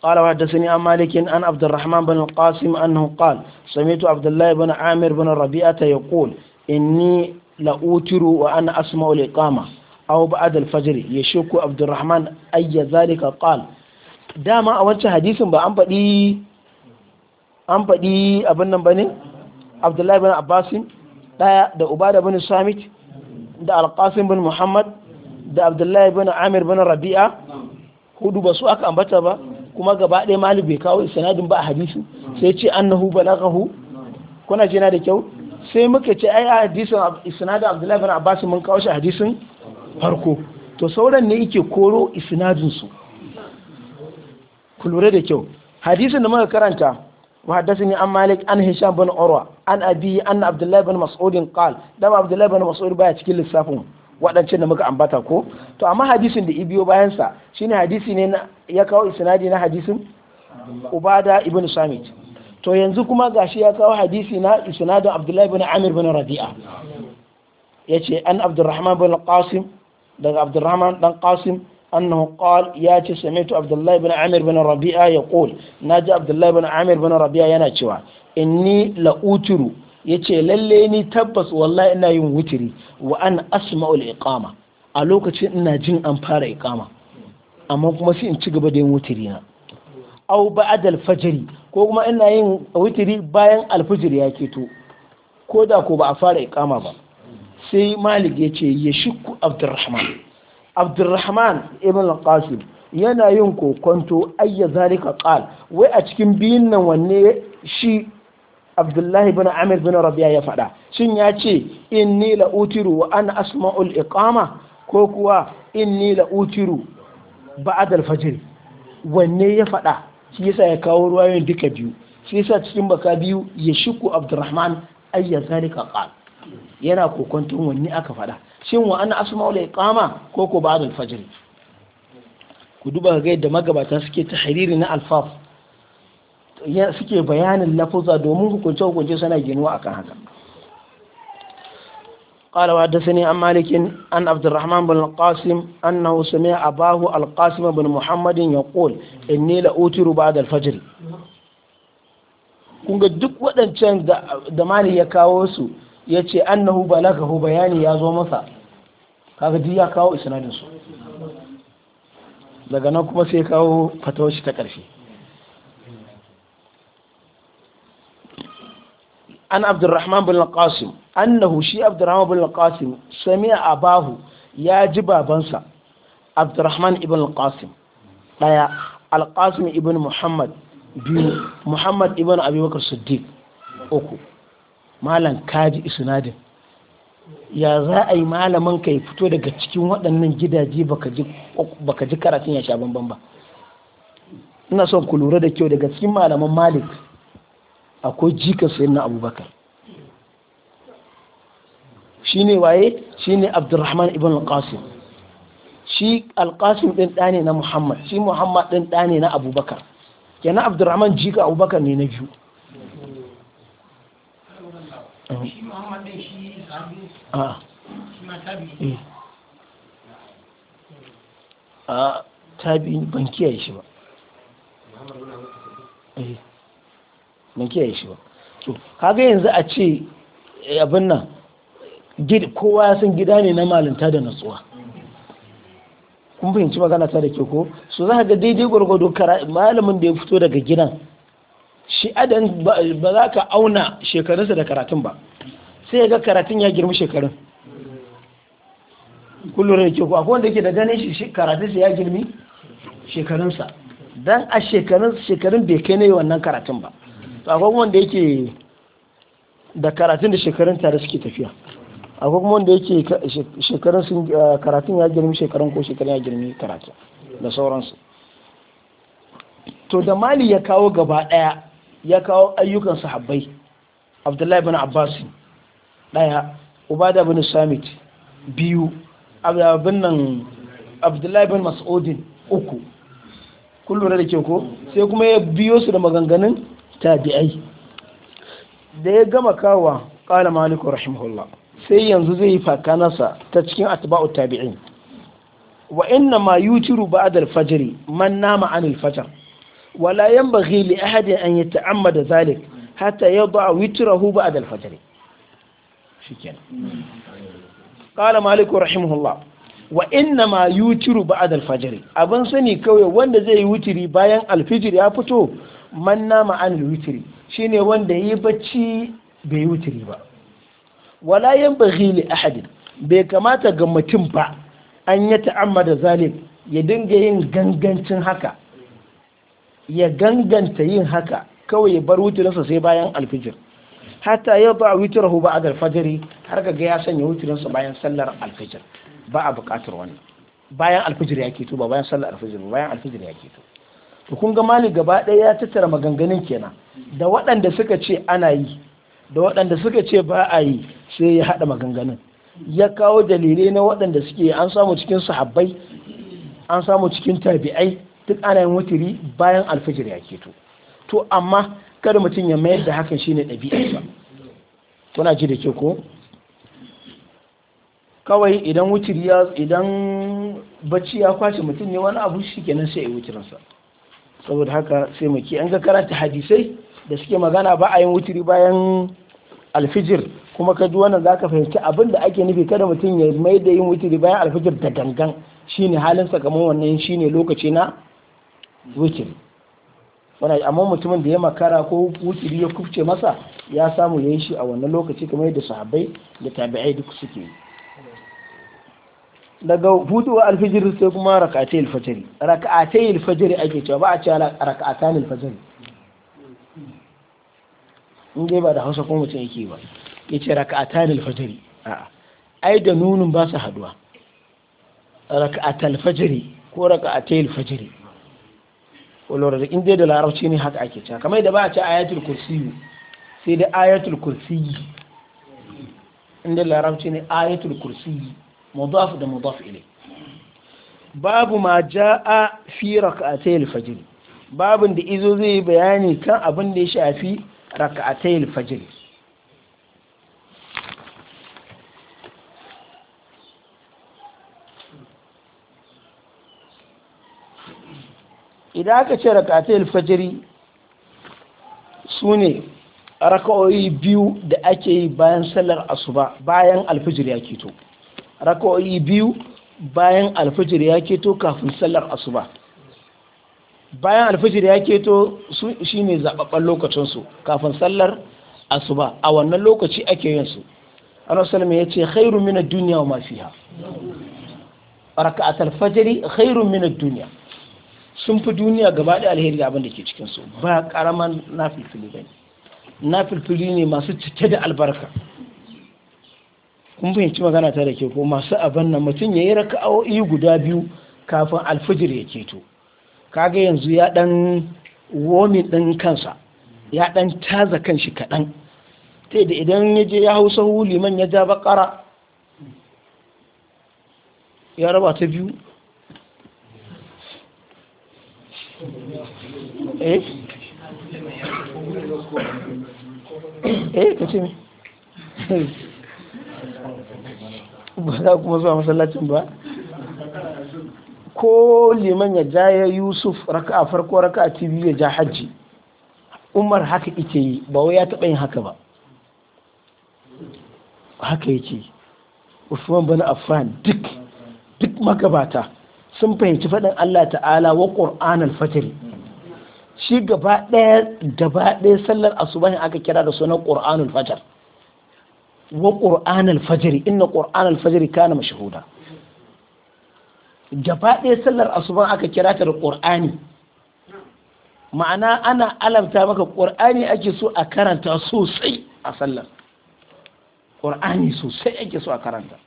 ƙalawa da sani a malikin an abdurrahman bin qasim annahu qal samitu abdullahi bin amir bin rabi'ata ya kul inni la utiru wa an asma ul iqama aw ba'd al fajr yashku abdurrahman ay zalika qal dama a wancan hadisin ba an fadi an fadi abin nan bane abdullahi bin abbasin daya da ubada bin samit da alƙasim bin muhammad da abdullahi bin amir bin rabi'a hudu ba su aka ambata ba kuma gaba ɗaya malik bai kawo sanadin ba a hadisi sai ce annahu lagahu kuna jina da kyau sai muka ce ai a hadisin isnadin abdullahi bin abbas mun kawo shi hadisin farko to sauran ne yake koro isnadin su ku da kyau hadisin da muka karanta وحدثني عن مالك عن هشام بن عروة عن أبي أن عبد الله بن مسعود قال دم عبد الله بن مسعود cikin lissafin waɗancan da muka ambata ko to amma hadisin da ibiyo bayansa shine hadisi ne ya kawo isnadi na hadisin Ubada ibn Samit to yanzu kuma gashi ya kawo hadisi na isnadin Abdullahi bin Amir bin Rabi'a yace an Abdurrahman bin Qasim daga Abdurrahman dan Qasim Hannun ƙwal ya ce samaytu Abdullahi bani Amir bani Rabi'a ya ƙone na je Abdullahi bani Amir bani yana cewa inni la'uturu. Ya ce lallai ni tabbas wallahi ina yin witiri wa'an Asma'ul iƙama. A lokacin ina jin an fara iƙama amma kuma sai in ci gaba da yin witiri na. Auba'adal Fajiri ko kuma ina yin witiri bayan Al-Fajir ya ke to ko ko ba a fara iƙama ba. Sai Malik yace ce ya shuku Abdullahrahman. Abdulrahman ibn al-qasim yana yin kokonto ayya zalika qal wai a cikin biyun nan wanne shi abdullahi bin amir bin rabi'a ya faɗa shin ya ce inni la utiru wa ana asma'ul iqama ko kuwa inni la utiru ba'da al-fajr wanne ya faɗa shi yasa ya kawo ruwayoyin duka biyu shi yasa cikin baka biyu ya shiku abdulrahman ayya zalika qal yana kokwanton wanne aka faɗa shin wa ana asma'ul iqama ko ko ba'd al-fajr ku duba ga yadda magabata suke tahriri na alfaf suke bayanin lafuza domin hukunce hukunce suna ginuwa akan haka قال وحدثني an malikin عن عبد الرحمن بن القاسم أنه سمع bin القاسم Yaqul, محمد يقول إني لأوتر بعد الفجر kunga duk waɗancan da mali ya kawo su ya ce annahu balagahu bayani ya zo masa kaga duk ya kawo isnadin su daga nan kuma sai kawo fatawashi ta ƙarshe an abdurrahman bin qasim annahu shi abdurrahman bin qasim sami'a abahu ya ji babansa abdurrahman ibn qasim daya alqasim ibn muhammad biyu muhammad ibn abubakar siddiq uku malam kaji isnadin ya za a yi malamin ka ya fito daga cikin waɗannan gidaje baka ji karatun ya sha bambam ba ina son ku lura da kyau daga cikin malaman malik akwai jika sayin na abubakar shi ne waye shi ne abdurrahman ibn al-qasim shi al-qasim ɗin ɗane na muhammad shi muhammad ɗin ɗane na abubakar kenan abdurrahman jika abubakar ne na biyu shi muhammad ah. eh. ban kiyaye shi ba eh. ban kiyaye shi ba to kaga yanzu a ce eh, abin nan kowa ya san gida ne na malinta da natsuwa kun fahimci magana ta da ke ko su za ga daidai gwargwado malamin da ya fito daga gidan shi adan ba za ka auna shekarunsa da karatun ba sai ga karatun ya girma shekarun kullum da ke akwai wanda ke da ganin shi karatunsa ya girmi shekarunsa don a shekarun shekarun bai kai na wannan karatun ba akwai wanda yake da karatun da shekarun tare suke tafiya akwai kuma wanda yake shekarun sun karatun ya girmi shekarun ko shekarun ya girmi karatun da sauransu to da mali ya kawo gaba daya ya kawo ayyukan sahabbai abdullahi bin abbas daya ubada bin samit biyu abdullahi nan abdullahi bin mas'udin uku kullum da ke ko sai kuma ya biyo su da maganganun tabi'ai da ya gama kawa kala maliku rahimahullah sai yanzu zai yi fakanasa ta cikin atba'u tabi'in wa inna ma yutiru ba'da al-fajr man nama an al-fajr wala yanbaghi li ahadin an yata'ammada zalik hatta yad'a witrahu ba'da al-fajr shikenan qala malik rahimahullah wa inna ma yutiru a al-fajr abin sani kawai wanda zai yi wutiri bayan alfijir ya fito man nama an al-wutri shine wanda yi bacci bai wutiri ba wala yanbaghi li ahadin bai kamata ga mutum ba an ya ta'ammada zalik ya dinga yin gangancin haka ya ganganta yin haka kawai ya bar wutirinsa sai bayan alfijir hatta ya ba hu ba a alfajiri har ga ya sanya wutirinsa bayan sallar alfijir ba a buƙatar wannan bayan alfijir ya keto ba bayan sallar alfijir ba bayan alfijir ya keto to kun ga mali gaba ɗaya ya tattara maganganun kenan da waɗanda suka ce ana yi da waɗanda suka ce ba a yi sai ya haɗa maganganun ya kawo dalilai na waɗanda suke an samu cikin sahabbai an samu cikin tabi'ai duk ana yin wuturi bayan alfijir ya keto to amma kada mutum ya mayar da hakan shine ɗabi'arsa kuna ji da ke ko kawai idan wuturi ya idan bacci ya kwace mutum ne wani abu shi kenan sai ya yi saboda haka sai mu ki an ga karanta hadisai da suke magana ba a yin wuturi bayan alfijir kuma ka ji wannan za ka fahimci abin da ake nufi kada mutum ya mai da yin wuturi bayan alfijir da gangan shine halin kamar wannan shine lokaci na wikiri wani amma mutumin da ya makara ko wikiri ya kufce masa ya samu ya yi shi a wannan lokaci kamar yadda sahabbai da tabi'ai duk suke yi daga hudu alfijir sai kuma raka'atai alfajiri raka'atai alfajiri ake cewa ba a cewa raka'atan alfajiri in dai ba da hausa ko mutum yake ba ya ce raka'atan alfajiri a'a ai da nunun ba su haduwa raka'atal fajiri ko raka'atai alfajiri kullura da inda da larauci ne haka ake cewa kamar da ba a ce ayatul kursiyu sai da ayatul kursiyi inda larauci ne ayatul kursiyi mudaf da mudaf ilai babu ma ja'a fi rak'atay al-fajr babin da izo zai bayani kan abin da ya shafi rak'atay al-fajr idan aka ce rakatai alfajiri su ne raka'o'i biyu da ake yi bayan sallar asuba bayan alfajiri ya keto raka'o'i biyu bayan alfajiri ya keto kafin sallar asuba bayan alfajiri ya keto shi ne zaɓaɓɓen lokacinsu kafin sallar asuba a wannan lokaci ake yin su anasalama ya ce khairu mina duniya wa mafiya raka'at alfajiri khairu mina duniya sun fi duniya gaba da alheri da abin da ke cikin su ba karaman nafilfili ba ne nafilfili ne masu cike da albarka kun fahimci magana ta da ke ko masu abin nan mutum ya yi raka'o'i guda biyu kafin alfijir ya keto kaga yanzu ya dan womi din kansa ya dan taza kan shi kaɗan ta da idan ya je ya hau sahu liman ya ja bakara ya raba ta biyu eh eh ka ba za kuma zuwa masallacin ba ko liman ya ja yusuf raka a farko raka a tv ya ja hajji umar haka ike yi ba wai ya taɓa yin haka ba haka yake usman bana affan duk duk magabata sun fahimci faɗin allah ta'ala wa ƙur'an alfajiri shi gaba ɗaya gaba ɗaya sallar asubahin aka kira da sunan qur'anul fajar wa qur'anul fajari, inna qur'anul fajari kana mashhuda gaba ɗaya sallar asuban aka kira ta da qur'ani ma'ana ana alamta maka qur'ani ake so a karanta sosai a sallar qur'ani sosai ake so a karanta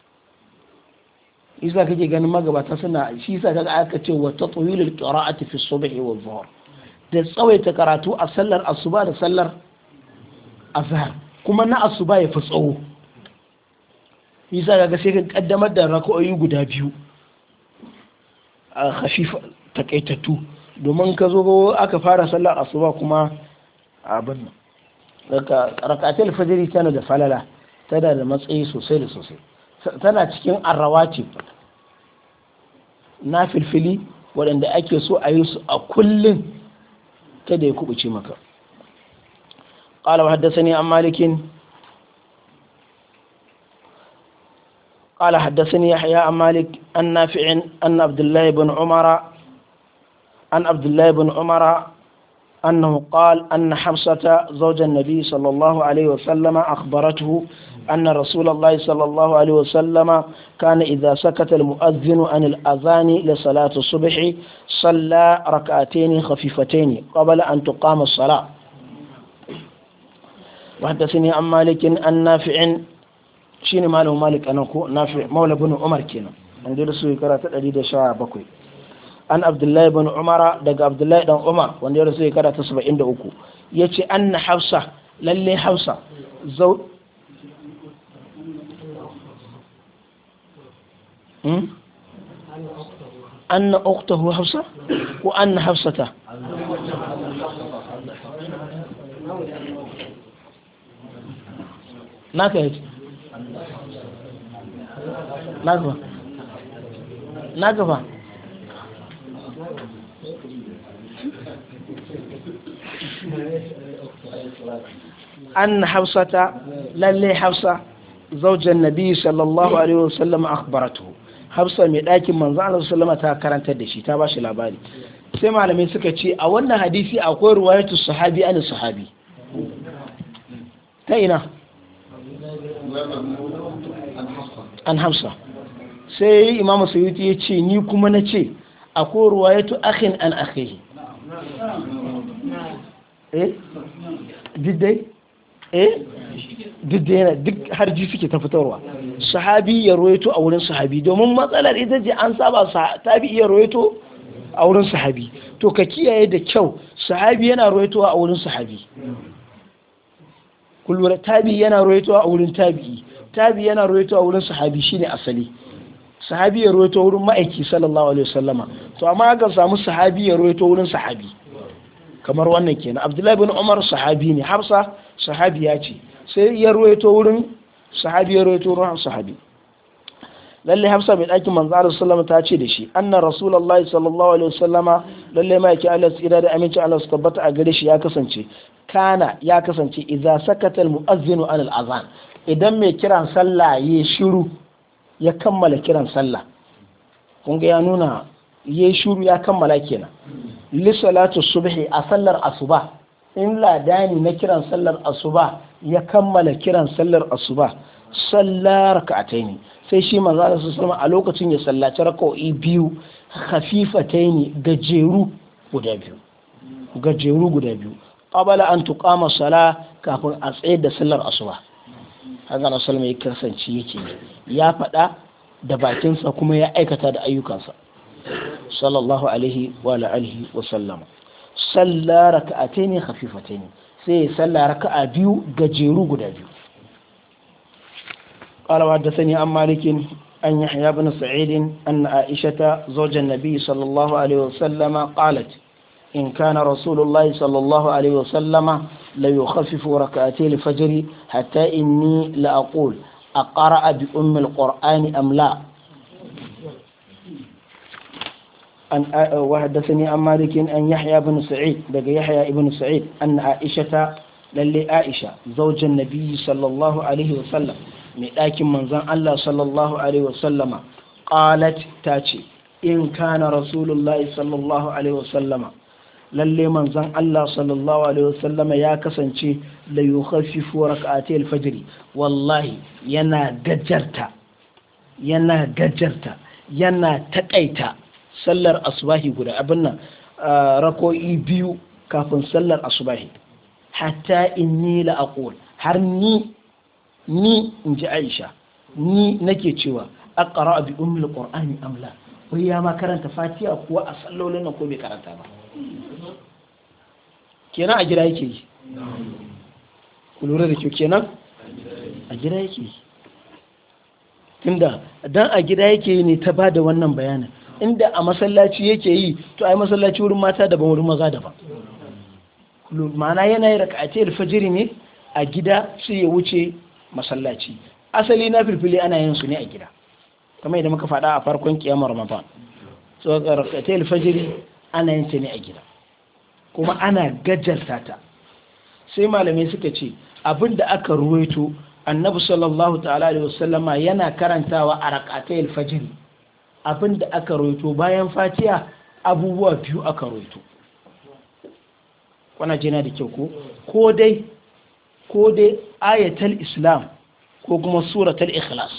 isa kake ganin magabata suna shi yasa kaga aka ce wa tatwilul qira'ati fi subhi wa dhuhr da tsawaita karatu a sallar asuba da sallar azhar kuma na asuba ya fi tsawo yasa ga sai ka kaddamar da raka'o'i guda biyu a khafif takaitattu domin ka zo aka fara sallar asuba kuma a abin nan fajiri tana da falala tana da matsayi sosai da sosai tana cikin arrawati na filfili waɗanda ake so a yi su a kullum ta da ya kubuce maka ƙala wa haddasa an malikin haddasa ne an malik an nafi'in abdullahi bin umara an bin umara أنه قال أن حفصة زوج النبي صلى الله عليه وسلم أخبرته أن رسول الله صلى الله عليه وسلم كان إذا سكت المؤذن عن الأذان لصلاة الصبح صلى ركعتين خفيفتين قبل أن تقام الصلاة وحدثني عن مالك عن نافع شين ماله مالك أنا نافع مولى بن عمر كنا عندي رسول كرات الأديد شعب بكوي an abdullahi bin umara daga abdullahi dan umar wanda ya rasu ya karata 73 ya ce an na hafsa lalle hafsa zau hmm? an na uktahu hafsa ko an na hafsata na ka yi na gaba na gaba an hafsata lallai hafsa zaujan nabiyu sallallahu alaihi wasallam akhbaratu hafsa mai ɗakin manzo Allah ta karantar da shi ta ba shi labari sai malamai suka ce a wannan hadisi akwai ruwayatu sahabi an sahabi ta ina an hafsa sai imam suyuti ya ce ni kuma na ce akwai ruwayatu akhin an akhihi eh diddai eh diddai yana duk harji suke ta fitarwa sahabi ya roito a wurin sahabi domin matsalar ita ce an saba tabi iya roito a wurin sahabi to ka kiyaye da kyau sahabi yana roito a wurin sahabi kullura tabi yana roito a wurin tabi tabi yana roito a wurin sahabi shine asali sahabi ya roito wurin ma'aiki sallallahu alaihi wasallama to amma aka samu sahabi ya roito wurin sahabi kamar wannan kenan abdullahi bin umar sahabi ne hafsa sahabiya ce sai ya ruwaito wurin sahabi ya ruwaito wurin sahabi lalle hafsa mai ɗakin manzo alaihi sallama ta ce da shi anna rasulullahi sallallahu alaihi wasallama lalle ma ki Allah tsira da aminci Allah su tabbata a gare shi ya kasance kana ya kasance idza sakata al muazzinu an al azan idan mai kiran sallah ya shiru ya kammala kiran sallah kun ga ya nuna yayi shuru ya kammala kenan li salatu subhi a sallar asuba in ladani na kiran sallar asuba ya kammala kiran sallar asuba sallar ka'ataini sai shi manzo Allah sallallahu a lokacin ya sallaci rak'o'i biyu khafifataini gajeru guda biyu gajeru guda biyu qabala an tuqama sala kafin a tsaye da sallar asuba haka na sallama ya kasance yake ya faɗa da bakinsa kuma ya aikata da ayyukansa sallallahu alaihi wa alihi wa sai ya salla raka'a biyu gajeru guda biyu qala da sani an malikin an yahya ibn sa'id an aisha zawj an-nabi sallallahu alaihi wa sallama qalat إن كان رسول الله صلى الله عليه وسلم ليخفف ركعتي الفجر حتى إني لأقول أقرأ بأم القرآن أم لا an wa haddathani an yahya ibn sa'id daga yahya ibn sa'id anna aisha lalle aisha zaujan nabiyyi sallallahu alaihi wasallam mai ɗakin manzon Allah sallallahu alaihi wasallama qalat tace in kana rasulullahi sallallahu alaihi wasallama lalle manzon Allah sallallahu alaihi wasallama ya kasance la yukhaffifu rak'ati al-fajr wallahi yana gajarta yana gajarta yana taƙaita sallar asubahi guda abin nan rako'i biyu kafin sallar asubahi hatta inni la aqul har ni ni in ji Aisha ni nake cewa aqra bi ummil qur'ani am amla wai ya ma karanta fatiha kuwa a sallolin nan ko bai karanta ba kenan a gida yake yi ku lura da kyau kenan a gida yake yi tunda dan a gida yake yi ne ta bada wannan bayanin inda a masallaci yake yi to ai masallaci wurin mata daban wurin maza daban ma'ana yana yi raka'ati alfajiri ne a gida sai ya wuce masallaci asali na filfili ana yin su ne a gida kamar idan muka faɗa a farkon kiyamar ramadan so raka'ati alfajiri ana yin ta ne a gida kuma ana gajarta ta sai malamai suka ce abinda aka ruwaito annabi sallallahu ta'ala alaihi wasallama yana karantawa a raka'atai alfajiri abin da aka roito bayan fatiya abubuwa biyu aka roito wana jina da kyau ko dai ko dai ayatul islam ko kuma suratul ikhlas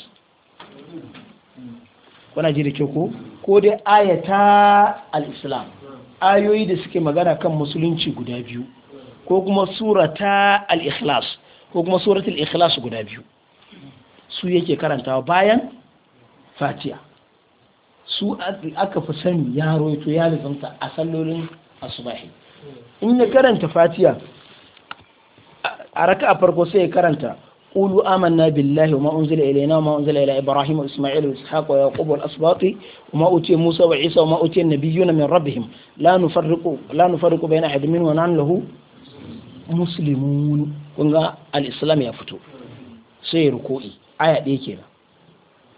wana jina da kyau ko ko dai ayata al-islam ayoyi da suke magana kan musulunci guda biyu ko kuma surata al-ikhlas ko kuma suratul ikhlas guda biyu su yake karantawa bayan fatiha su aka fi sani ya roito ya lizanta a sallolin asubahi in ya karanta fatiya a raka a farko sai ya karanta ƙulu amanna billahi wa ma'unzila ilayna wa ma'unzila ila ibrahim wa isma'il wa ishaq wa yaqub wal asbati wa ma musa wa isa wa ma utiya na min rabbihim la nufarriqu la nufarriqu bayna min wa nahnu lahu muslimun kun ga ya fito sai ruku'i aya ɗaya kenan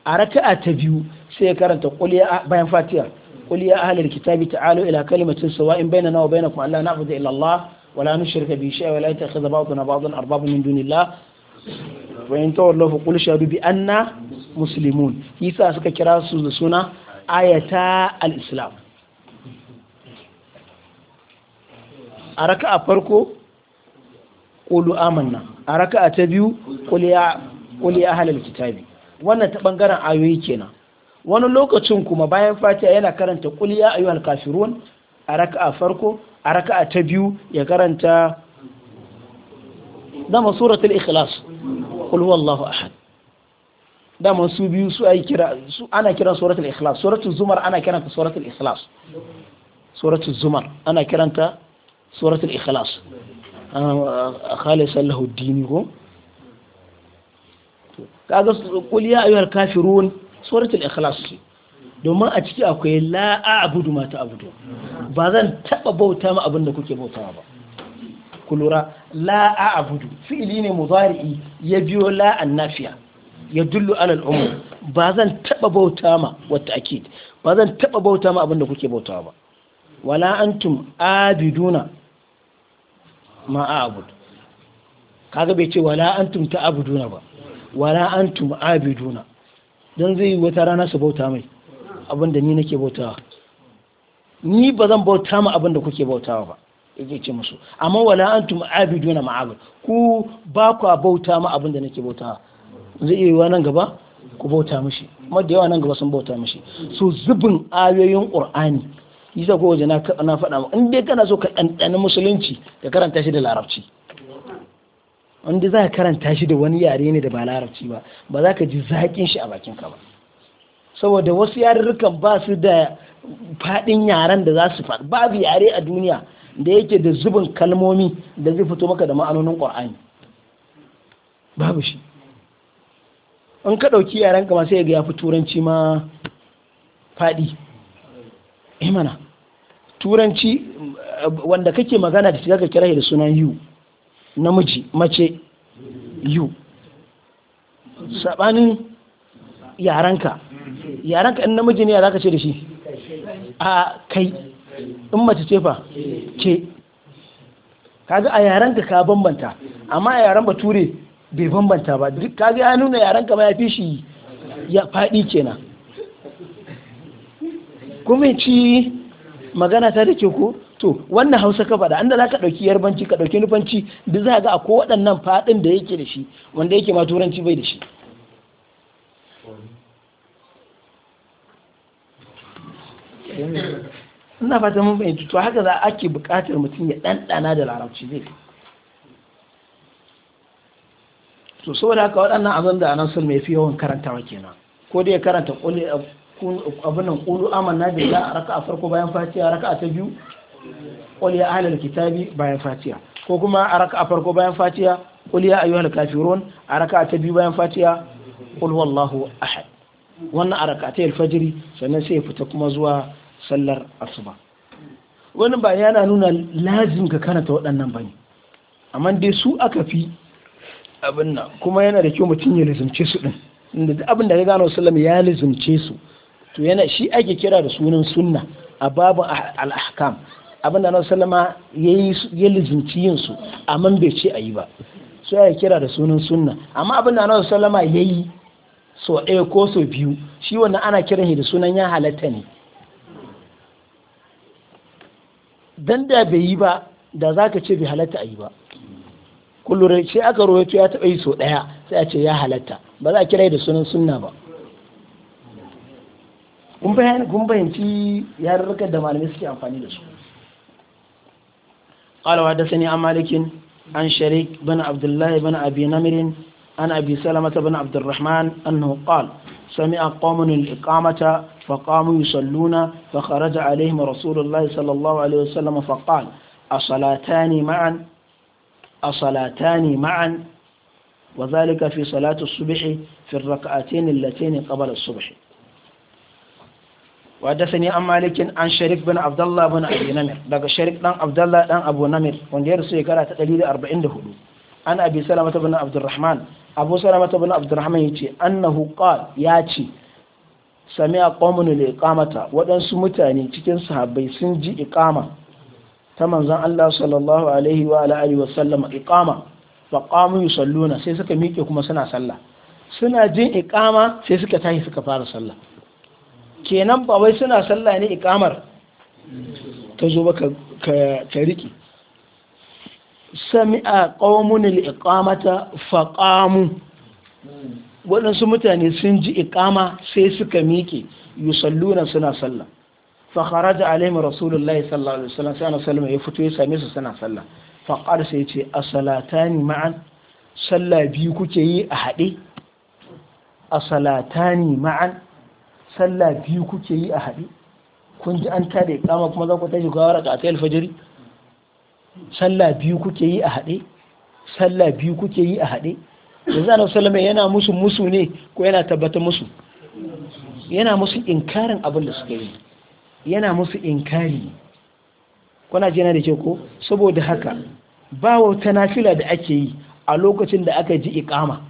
a raka'a ta biyu sai ya karanta kuliya bayan fatiha kuliya ahlul kitabi ta'alu ila kalimatin sawa'in bainana wa bainakum alla na'budu illa allah wa la nushrika bi shay'in wa la yattakhidha ba'duna ba'dan arbaban min dunillah wa in tawallaw fa qul shahadu bi anna muslimun yasa suka kira su da suna ayata al-islam a raka'a farko qulu amanna a raka'a ta biyu qul ya qul ya ahlul kitabi wannan ta bangaren ayoyi kenan wani lokacin kuma bayan fatiha yana karanta kul ya ayyuhal kafirun a raka'a farko a raka'a ta biyu ya karanta dama suratul ikhlas kul huwallahu ahad dama su biyu su ai kira su ana kiran suratul ikhlas suratul zumar ana ta suratul ikhlas suratul zumar ana ta suratul ikhlas ah, khalisan lahu dini ko kaga qul ya ayyuhal kafirun suratul ikhlas domin a ciki akwai la a'budu ma ta'budu ba zan taba bauta ma abin da kuke bautawa ba Kulura lura la a'budu fili ne mudari'i ya biyo la annafiya ya dullu ala al'umur ba zan taba bauta ma wata akid ba zan taba bauta ma abin da kuke bautawa ba wala antum abiduna ma a'budu kaga bai ce wala antum ta ta'buduna ba wala antum abiduna dan zai wata rana su bauta mai abinda ni nake bautawa ni ba zan bauta ma abinda kuke bautawa ba yake ce musu amma wala antum abiduna ma'abud ku ba ku bauta ma abinda nake bautawa zai yi nan gaba ku bauta mishi amma da yawa nan gaba sun bauta mishi so zubin ayoyin qur'ani yasa ko waje na faɗa in dai kana so ka ɗanɗani musulunci ka karanta shi da larabci wanda za ka karanta shi da wani yare ne da ba larabci ba ba za ka ji zaƙin shi a bakinka ba saboda wasu yarurrukan ba su da faɗin yaren da za su faɗi babu yare a duniya da yake da zubin kalmomi da zai fito maka da ma'anonin ƙwar'ani babu shi in ka ɗauki yaren ka sai ga ya fi turanci ma faɗi imana eh turanci wanda kake magana da shi ka kira da sunan yiwu namiji mace yu sabanin yaranka yaranka in namiji ne za ka ce da shi a kai in mace ce fa ke kaga a yaranka ka bambanta amma a yaran bature bai bambanta ba duk kaga ya nuna yaranka ma ya fi shi ya faɗi kenan kuma ci magana ta da ke ko to wannan hausa ka faɗa an da za ka ɗauki yarbanci ka ɗauki nufanci duk za ga akwai waɗannan faɗin da yake da shi wanda yake ma turanci bai da shi ina fata mun fahimci to haka za ake buƙatar mutum ya ɗanɗana da larabci zai to saboda haka waɗannan abin da anan sun mai fi yawan karantawa kenan ko dai ya karanta eh, abin nan ƙulu amanna a raka a farko bayan fatiya raka a ta biyu qul ya kitabi bayan fatiha ko kuma a farko bayan Fatiya. qul ya ayyuhal kafirun a raka'a ta biyu bayan Fatiya. qul huwallahu ahad wannan a raka'a alfajiri sannan sai ya fita kuma zuwa sallar asuba wani ba yana nuna lazim ka karanta waɗannan bane amma dai su aka fi abin nan kuma yana da kyau mutum ya lizumce su din inda abin da ya gano sallam ya lizumce su to yana shi ake kira da sunan sunna a babu al-ahkam abin da salama ya lizinci yin su amma bai ce a ba su ya kira da sunan sunna amma abin da salama ya yi so ɗaya ko so biyu shi wannan ana kiran shi da sunan ya halatta ne dan da bai yi ba da za ka ce bai halatta ayi yi ba kullum sai aka rawaito ya taɓa yi so ɗaya sai a ce ya halatta ba za a kira da sunan sunna ba kun bayanci yarurrukan da malamai suke amfani da su قال وحدثني عن مالك عن شريك بن عبد الله بن أبي نمر عن أبي سلمة بن عبد الرحمن أنه قال سمع قوم الإقامة فقاموا يصلون فخرج عليهم رسول الله صلى الله عليه وسلم فقال أصلاتان معا أصلاتان معا وذلك في صلاة الصبح في الركعتين اللتين قبل الصبح وحدثني عن مالك عن شريك بن عبد الله بن ابي نمر دغ شريك بن عبد الله بن ابو نمر وندي رسو يكرا تا 144 عن ابي سلمة بن عبد الرحمن ابو سلمة بن عبد الرحمن يجي انه قال ياتي سمع قوم الاقامه ودان su mutane cikin sahabbai sun ji iqama ta manzon Allah sallallahu alaihi wa ala alihi wa sallam iqama sai suka miƙe kuma suna sallah suna jin iƙama sai suka tashi suka fara sallah kenan ba wai suna sallah ne ikamar ta zo ba ka riƙe sami'a qaumun al-iqamata faqamu waɗansu mutane sun ji iqama sai suka miƙe yusalluna suna sallah fa kharaja alaihim rasulullahi sallallahu alaihi wasallam sai ya fito ya same su suna sallah fa qala sai ce as-salatani ma'an sallah biyu kuke yi a haɗe as-salatani ma'an sallah biyu kuke yi a haɗe kun ji an tada kama kuma za ku tashi kawo raka ta alfajiri sallah biyu kuke yi a haɗe sallah biyu kuke yi a haɗe yanzu annabi salama yana musu musu ne ko yana tabbata musu yana musu inkarin abin da suka yi yana musu inkari kuna jina da ke ko saboda haka ba wata nafila da ake yi a lokacin da aka ji ikama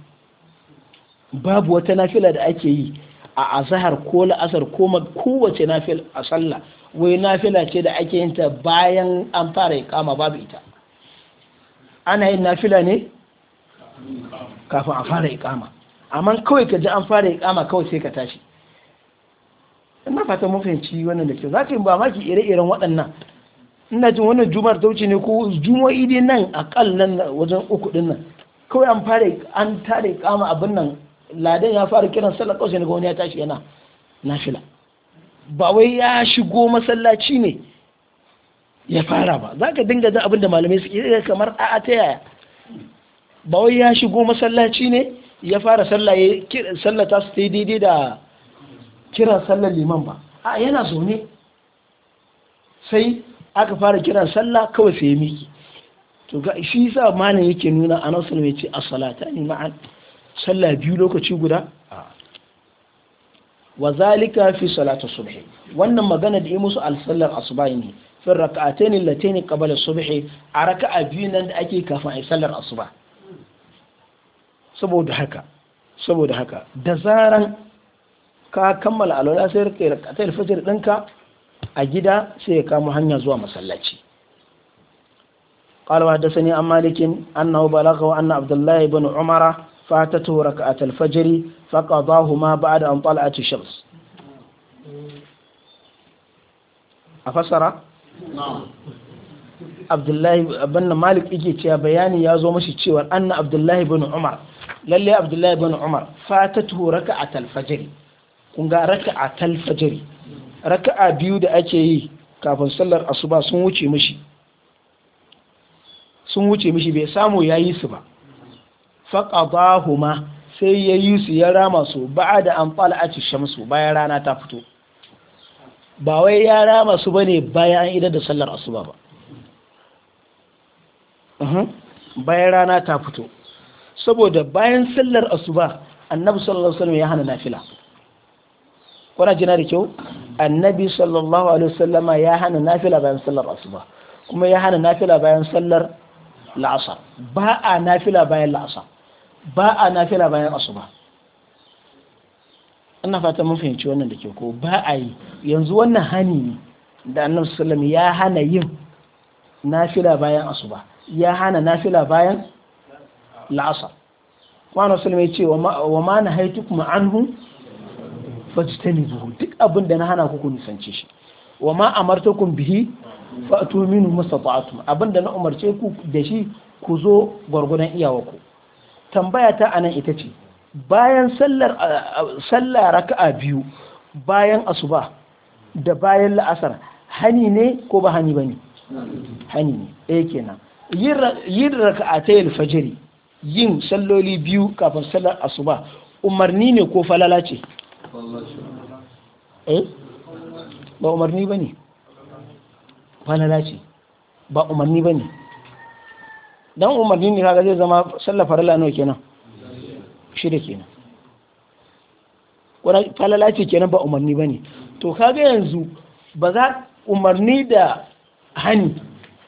babu wata nafila da ake yi a azahar ko la'asar ko kowace nafil a sallah wai nafila ce da ake yin ta bayan an fara kama babu ita ana yin nafila ne kafin a fara kama amma kawai ka ji an fara kama kawai sai ka tashi ina fata mun fahimci wannan da kyau zaka yi ba maki ire-iren waɗannan ina jin wannan jumar ta ne ko jumo'i dai nan a nan wajen uku din nan kawai an fara an tare kama abin nan ladan ya fara kiran sallar kawai sai ga wani ya tashi yana nafila ba wai ya shigo masallaci ne ya fara ba za ka dinga jin abin da malamai suke yi kamar a'a ta yaya ba wai ya shigo masallaci ne ya fara sallar ta su ta yi daidai da kiran sallar liman ba a yana zaune sai aka fara kiran sallah kawai sai ya miki to shi sa malam yake nuna a nasu ne ce a salata ne ma'an sallah biyu lokaci guda wa zalika fi salatu subhi wannan magana da yi musu al-sallar asubahi ne fi rak'atayn allatayn qabla subhi a raka'a biyu nan da ake kafin ai sallar asuba saboda haka saboda haka da zaran ka kammala alwala sai ka rak'ata al-fajr ɗinka a gida sai ka kama hanya zuwa masallaci قال وحدثني عن مالك أنه بلغه أن عبد الله بن عمر fatatu rak'at al-fajr faqadahuma ba'da an tala'at ash-shams a fasara abdullahi abin malik yake cewa bayani ya zo mashi cewa anna abdullahi bin umar lalle abdullahi bin umar a raka'at al-fajr kun ga raka'at al-fajr raka'a biyu da ake yi kafin sallar asuba sun wuce mashi, sun wuce mishi bai samu yayi su ba faqadahuma sai ya yi su ya rama su ba da an fala'aci shamsu bayan rana ta fito ba wai ya rama su bane bayan an idar da sallar asuba ba bayan rana ta fito saboda bayan sallar asuba annabi sallallahu alaihi wasallam ya hana nafila kuna jina da kyau annabi sallallahu alaihi wasallama ya hana nafila bayan sallar asuba kuma ya hana nafila bayan sallar la'asar ba a nafila bayan la'asar ba a nafila bayan asuba ina fata mun fahimci wannan da ke ko ba a yi yanzu wannan hani ne da annabi sallam ya hana yin nafila bayan asuba ya hana nafila bayan la'asar wani sallam ya ce wa ma na haitu kuma anhu fajtanibuhu duk abin da na hana ku ku nisance shi wa ma amartakum bihi fa'tu minhu mustata'tum abin da na umarce ku da shi ku zo gwargwadon ku tambaya ta anan ita ce bayan sallar raka'a biyu bayan asuba da bayan la'asar hani ne ko ba hani bane hani ne eh kenan yin raka'atayil fajri yin salloli biyu kafin sallar asuba umarni ne ko falala ce eh ba umarni bane falala ce ba umarni bane dan umarni ne kaga zai zama sallar farilla nawa kenan shida kenan wani falala ce kenan ba umarni bane to kaga yanzu ba za umarni da hani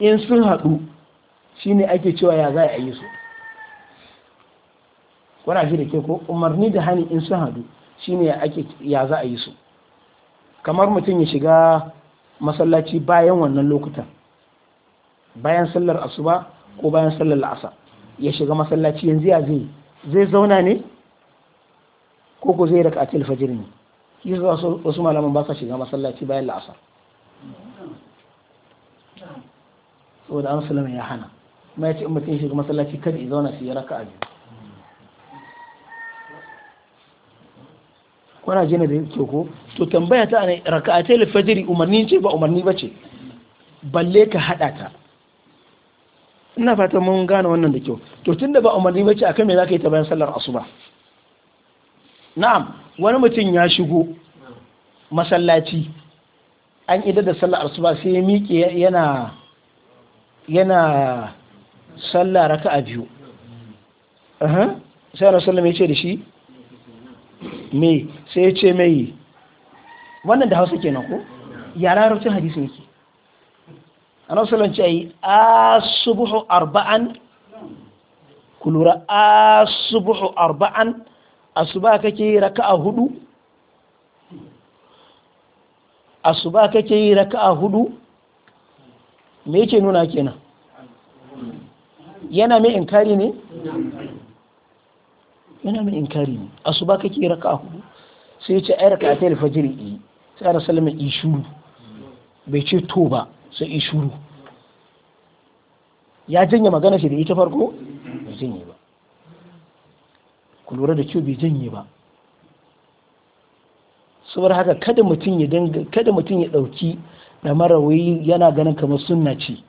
in sun hadu shine ake cewa ya za a yi su wana shi da ke ko umarni da hani in sun hadu shine ya ake ya za a yi su kamar mutum ya shiga masallaci bayan wannan lokutan bayan sallar asuba ko bayan sallar la'asar ya shiga masallaci yanzu ya zai zai zauna ne ko ko zai raka atil fajir ne shi zuwa wasu malaman ba sa shiga masallaci bayan la'asar saboda an sulama ya hana kuma ya ce in mutum shiga masallaci kada ya zauna su ya raka a biyu kuna jina da yake ko to tambaya ta ne raka'atai fajr umarni ce ba umarni ba ce balle ka hada ta ina fata mun gane wannan da kyau to tun da ba umarni bace akan me zaka yi ta bayan sallar asuba na'am wani mutum ya shigo masallaci an idar da sallar asuba sai ya miƙe yana yana sallar raka'a biyu sai rasulullah ya ce da shi me sai ya ce mai wannan da hausa kenan ko ya larabcin hadisi yake ana salon ce yi asubuhu arba'an ku lura asubuhu arba'an asuba kake yi raka'a hudu asuba kake yi raka'a hudu me yake nuna kenan yana mai inkari ne yana mai inkari ne asuba kake yi raka'a hudu sai ya ce ai raka'a ta alfajiri eh. sai rasulullah yi shuru bai ce to ba sai yi shuru ya janye magana shi da ita farko bai janye ba ku lura da kyau bai janye ba saboda haka kada mutum ya kada mutum ya dauki da marawai yana ganin kamar sunna ce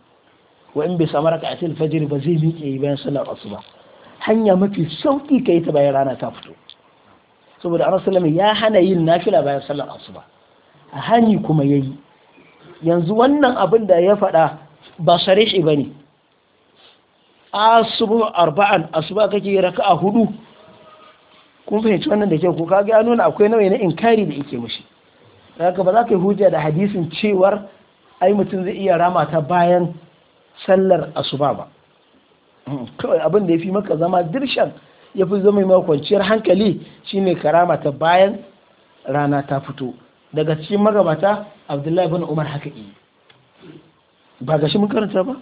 wa in bai samu ka a fajiri ba zai miƙe yi bayan sallar asuba hanya mafi sauki kai ta bayan rana ta fito saboda annabi ya hana yin nafila bayan sallar asuba a hani kuma yayi yanzu wannan abin da ya faɗa ba shi ba ne asubu arba'an asuba kake raka a hudu kun fahimci wannan da ke ku ka ga nuna akwai nauyi na inkari da yake mushi haka ba za ka yi hujja da hadisin cewar ai mutum zai iya rama ta bayan sallar asuba ba kawai abin da ya fi maka zama dirshan ya fi zama mai kwanciyar hankali shine rama ta bayan rana ta fito daga cikin magabata abdullahi bin umar haka yi ba ga shi mun karanta ba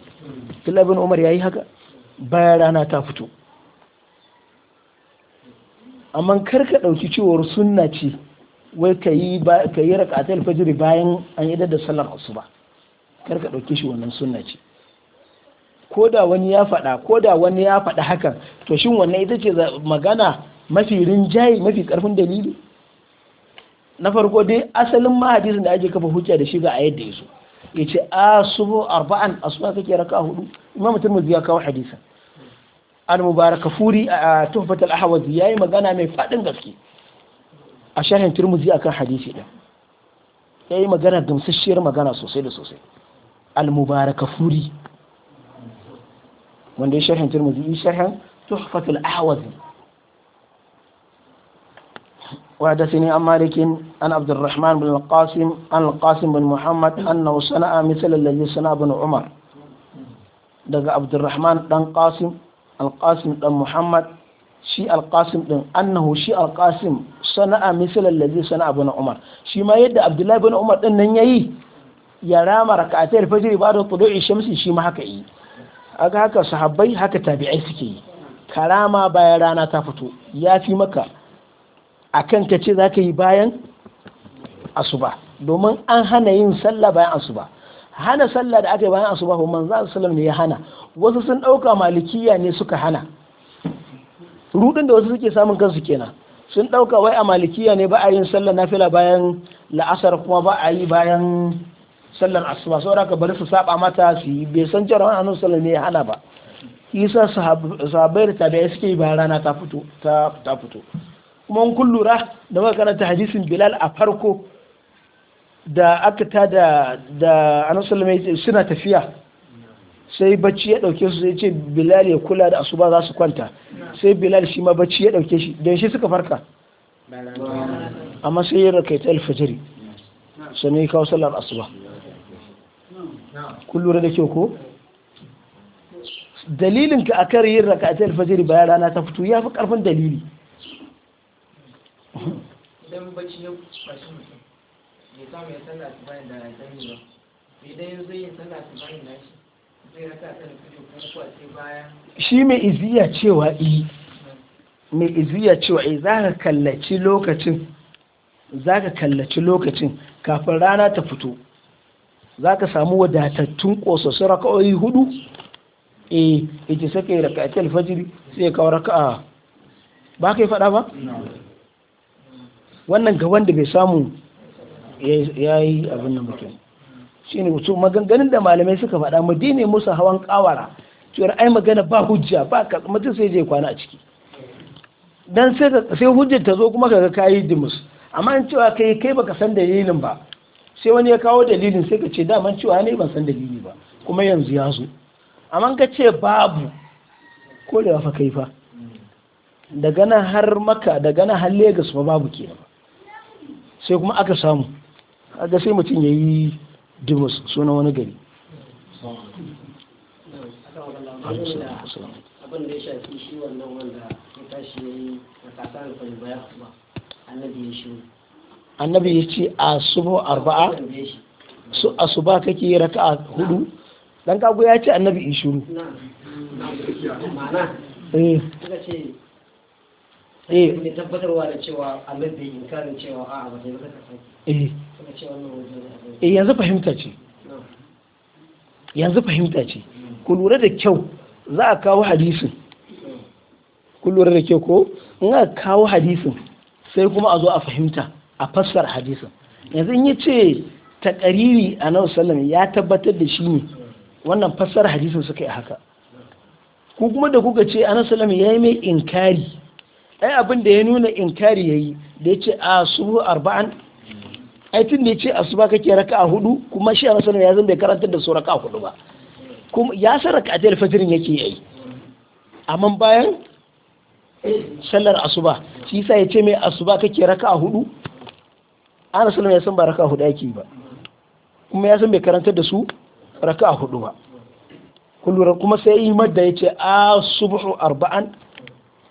abdullahi bin umar ya yi haka bayan rana ta fito amma karka ka ɗauki cewar sunna ce wai ka yi ka yi alfajiri bayan an yi da sallar asu kar ka dauki shi wannan sunna ce ko da wani ya faɗa ko da wani ya faɗa hakan to shin wannan ita ce magana mafi rinjaye mafi ƙarfin dalili na farko dai asalin ma hadisin da ake kafa hujja da shi ga ayat da yaso yace asubu arba'an asuba kake raka hudu imam tirmidhi ya kawo hadisin al mubaraka furi a tuhfat al ahwaz yayi magana mai fadin gaske a sharhin tirmidhi akan hadisi Ya yayi magana gamsasshiyar magana sosai da sosai al mubaraka furi wanda ya sharhin tirmidhi sharhin tuhfat al ahwazi وحدثني عن مالك عن عبد الرحمن بن القاسم عن القاسم بن محمد أنه صنع مثل الذي صنع بن عمر دقى عبد الرحمن بن قاسم القاسم بن محمد شي القاسم بن أنه شي القاسم صنع مثل الذي صنع بن عمر شي ما يد عبد الله بن عمر أن ينيي ya rama raka'atai alfajiri ba da tulu'i shamsi shi ma haka yi aga haka sahabbai haka tabi'ai suke yi karama bayan rana ta fito ya fi maka a kan ka ce za ka yi bayan asuba domin an hana yin sallah bayan asuba hana sallah da aka yi bayan asuba kuma manzo sallam ne ya hana wasu sun dauka malikiya ne suka hana rudin da wasu suke samun kansu kenan sun dauka wai a malikiya ne ba a yin sallah nafila bayan la'asar kuma ba a yi bayan sallar asuba saboda ka bari su saba mata su yi bai san cewa annabi sallallahu ne ya hana ba isa sahabbai da tabi'ai suke yi bayan rana ta fito ta fito kuma kun lura da makaranta hadisin bilal a farko da aka ta da da anasulama suna tafiya sai bacci ya dauke su sai ce bilal ya kula da asuba za su kwanta sai bilal shi ma bacci ya dauke shi don shi suka farka amma sai ya rakaita alfajiri sannan ya kawo sallar asuba kun lura da kyau ko dalilin ka akan yin rakaita alfajiri bayan rana ta fito ya fi karfin dalili idan bacci ya bashi mutum ya samu ya sallah su bayan da ya sani ba idan ya zo yin sallah su bayan da shi zai raka ta da kudu ko kuwa sai baya shi mai iziya cewa i mai iziya cewa i za ka kallaci lokacin za ka kallaci lokacin kafin rana ta fito za ka samu wadatattun ƙosassu raka'o'i hudu e ita sake raka'atul fajiri sai ka kawo raka'a ba ka yi faɗa ba wannan ga wanda bai samu ya yi abin da mutum shi ne wasu maganganun da malamai suka faɗa mu dine musu hawan kawara cewar ai magana ba hujja ba ka mutum sai je kwana a ciki dan sai hujjar ta zo kuma kaga kayi dimus amma in cewa kai kai baka san dalilin ba sai wani ya kawo dalilin sai ka ce man cewa ne ban san dalili ba kuma yanzu ya zo amma ka ce babu ko da fa kai fa daga nan har maka daga nan har Legas ba babu kenan sai kuma aka samu kaga sai mutum ya yi dimus sunan wani gari annabi ya ce a subo arba'a su a suba kake yi a hudu dan kagu ya ce annabi ishuru ma'ana eh. ce sai eh. tabbatarwa da cewa Allah bai inkarin cewa a'a ba sai ka saki suka eh yanzu fahimta ce yanzu fahimta ce mm. ku lura da kyau za a kawo hadisin mm. ku lura da kyau ko in aka kawo hadisin sai kuma a zo a fahimta a fassar hadisin yanzu in yace ta kariri a nan sallam ya tabbatar da shi ne mm. wannan fassar hadisin suka yi haka ku kuma da kuka ce a nan sallam ya yi mai inkari ai abin da ya nuna inkari yayi da yace asubu arba'an ai tun da yace asuba kake raka'a hudu kuma shi Annabi sallallahu ya wasallam bai karanta da su raka'a hudu ba kuma ya san da fajr yake yi amma bayan sallar asuba shi yasa ce mai asuba kake raka'a hudu Annabi sallallahu ya san ba raka'a hudu yake ba kuma ya san bai karanta da su raka'a hudu ba kullura kuma sai yi madda yace subhu arba'an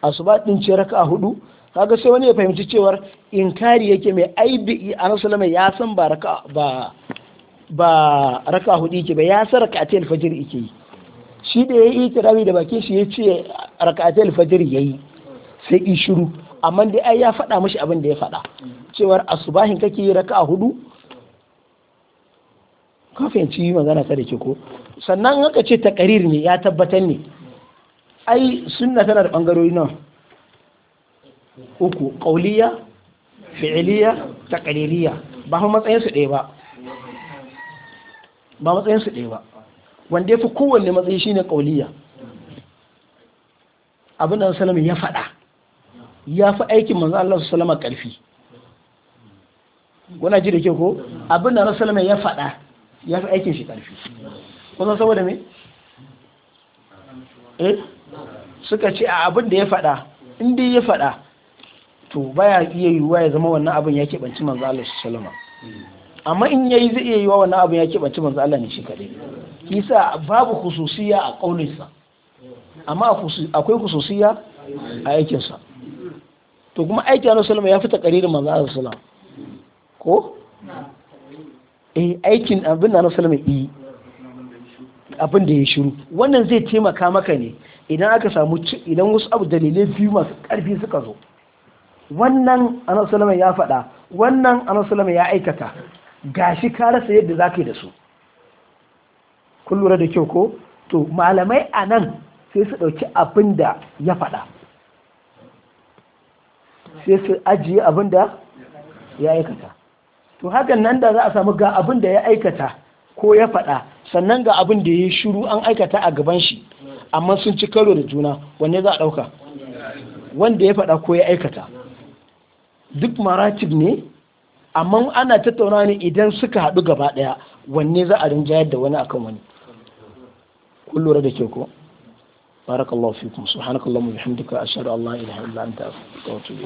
asuba din ce raka'a hudu kaga sai wani ya fahimci cewar inkari yake mai aibi annabi sallama ya san ba raka ba ba raka hudu yake ba ya san raka ta yake yi shi da yayi ikrami da bakin shi yace raka ta fajr yayi sai yi shiru amma dai ai ya faɗa mashi abin da ya faɗa cewar asubahin kake yi raka hudu ka fahimci magana ta da ke ko sannan haka ce takarir ne ya tabbatar ne ai sunna tana da bangarori nan uku qauliya fi'liya taqririya ba kuma matsayin su ɗaya ba ba matsayin su ɗaya ba wanda fi kowanne matsayi shine qauliya abin da sallama ya faɗa ya fi aikin manzo Allah salama karfi wana ji da ke ko abin da sallama ya faɗa ya fi aikin shi karfi kusan saboda me eh suka ce a abin da ya faɗa in dai ya faɗa to baya iya yiwuwa ya zama wannan abin ya keɓanci manzo Allah salama amma in yayi zai iya yiwuwa wannan abin ya keɓanci manzo Allah ne shi kaɗai kisa babu khususiya a ƙaunarsa amma akwai khususiya a aikinsa to kuma aikin Allah salama ya fita ƙaririn manzo Allah salama ko eh aikin abin da Allah sallama yi abin da ya shiru wannan zai taimaka maka ne idan aka samu idan wasu abu dalilai biyu masu ƙarfi suka zo wannan anasulama ya faɗa wannan anasulama ya aikata gashi ka rasa yadda za ka yi da su kun lura da kyau ko to malamai a nan sai su ɗauki abin da ya faɗa sai su ajiye abin da ya aikata to hakan nan da za a samu ga abin da ya aikata ko ya faɗa sannan ga abin da ya yi shuru an aikata a gaban shi amma sun ci karo da juna wanne za a ɗauka wanda ya faɗa ko ya aikata duk maratib ne amma ana tattauna ne idan suka haɗu gaba ɗaya wanne za a rinjayar da wani akan wani kun lura da ke ko barakallahu fikum subhanakallahumma bihamdika an la ilaha illa anta astaghfiruka wa atubu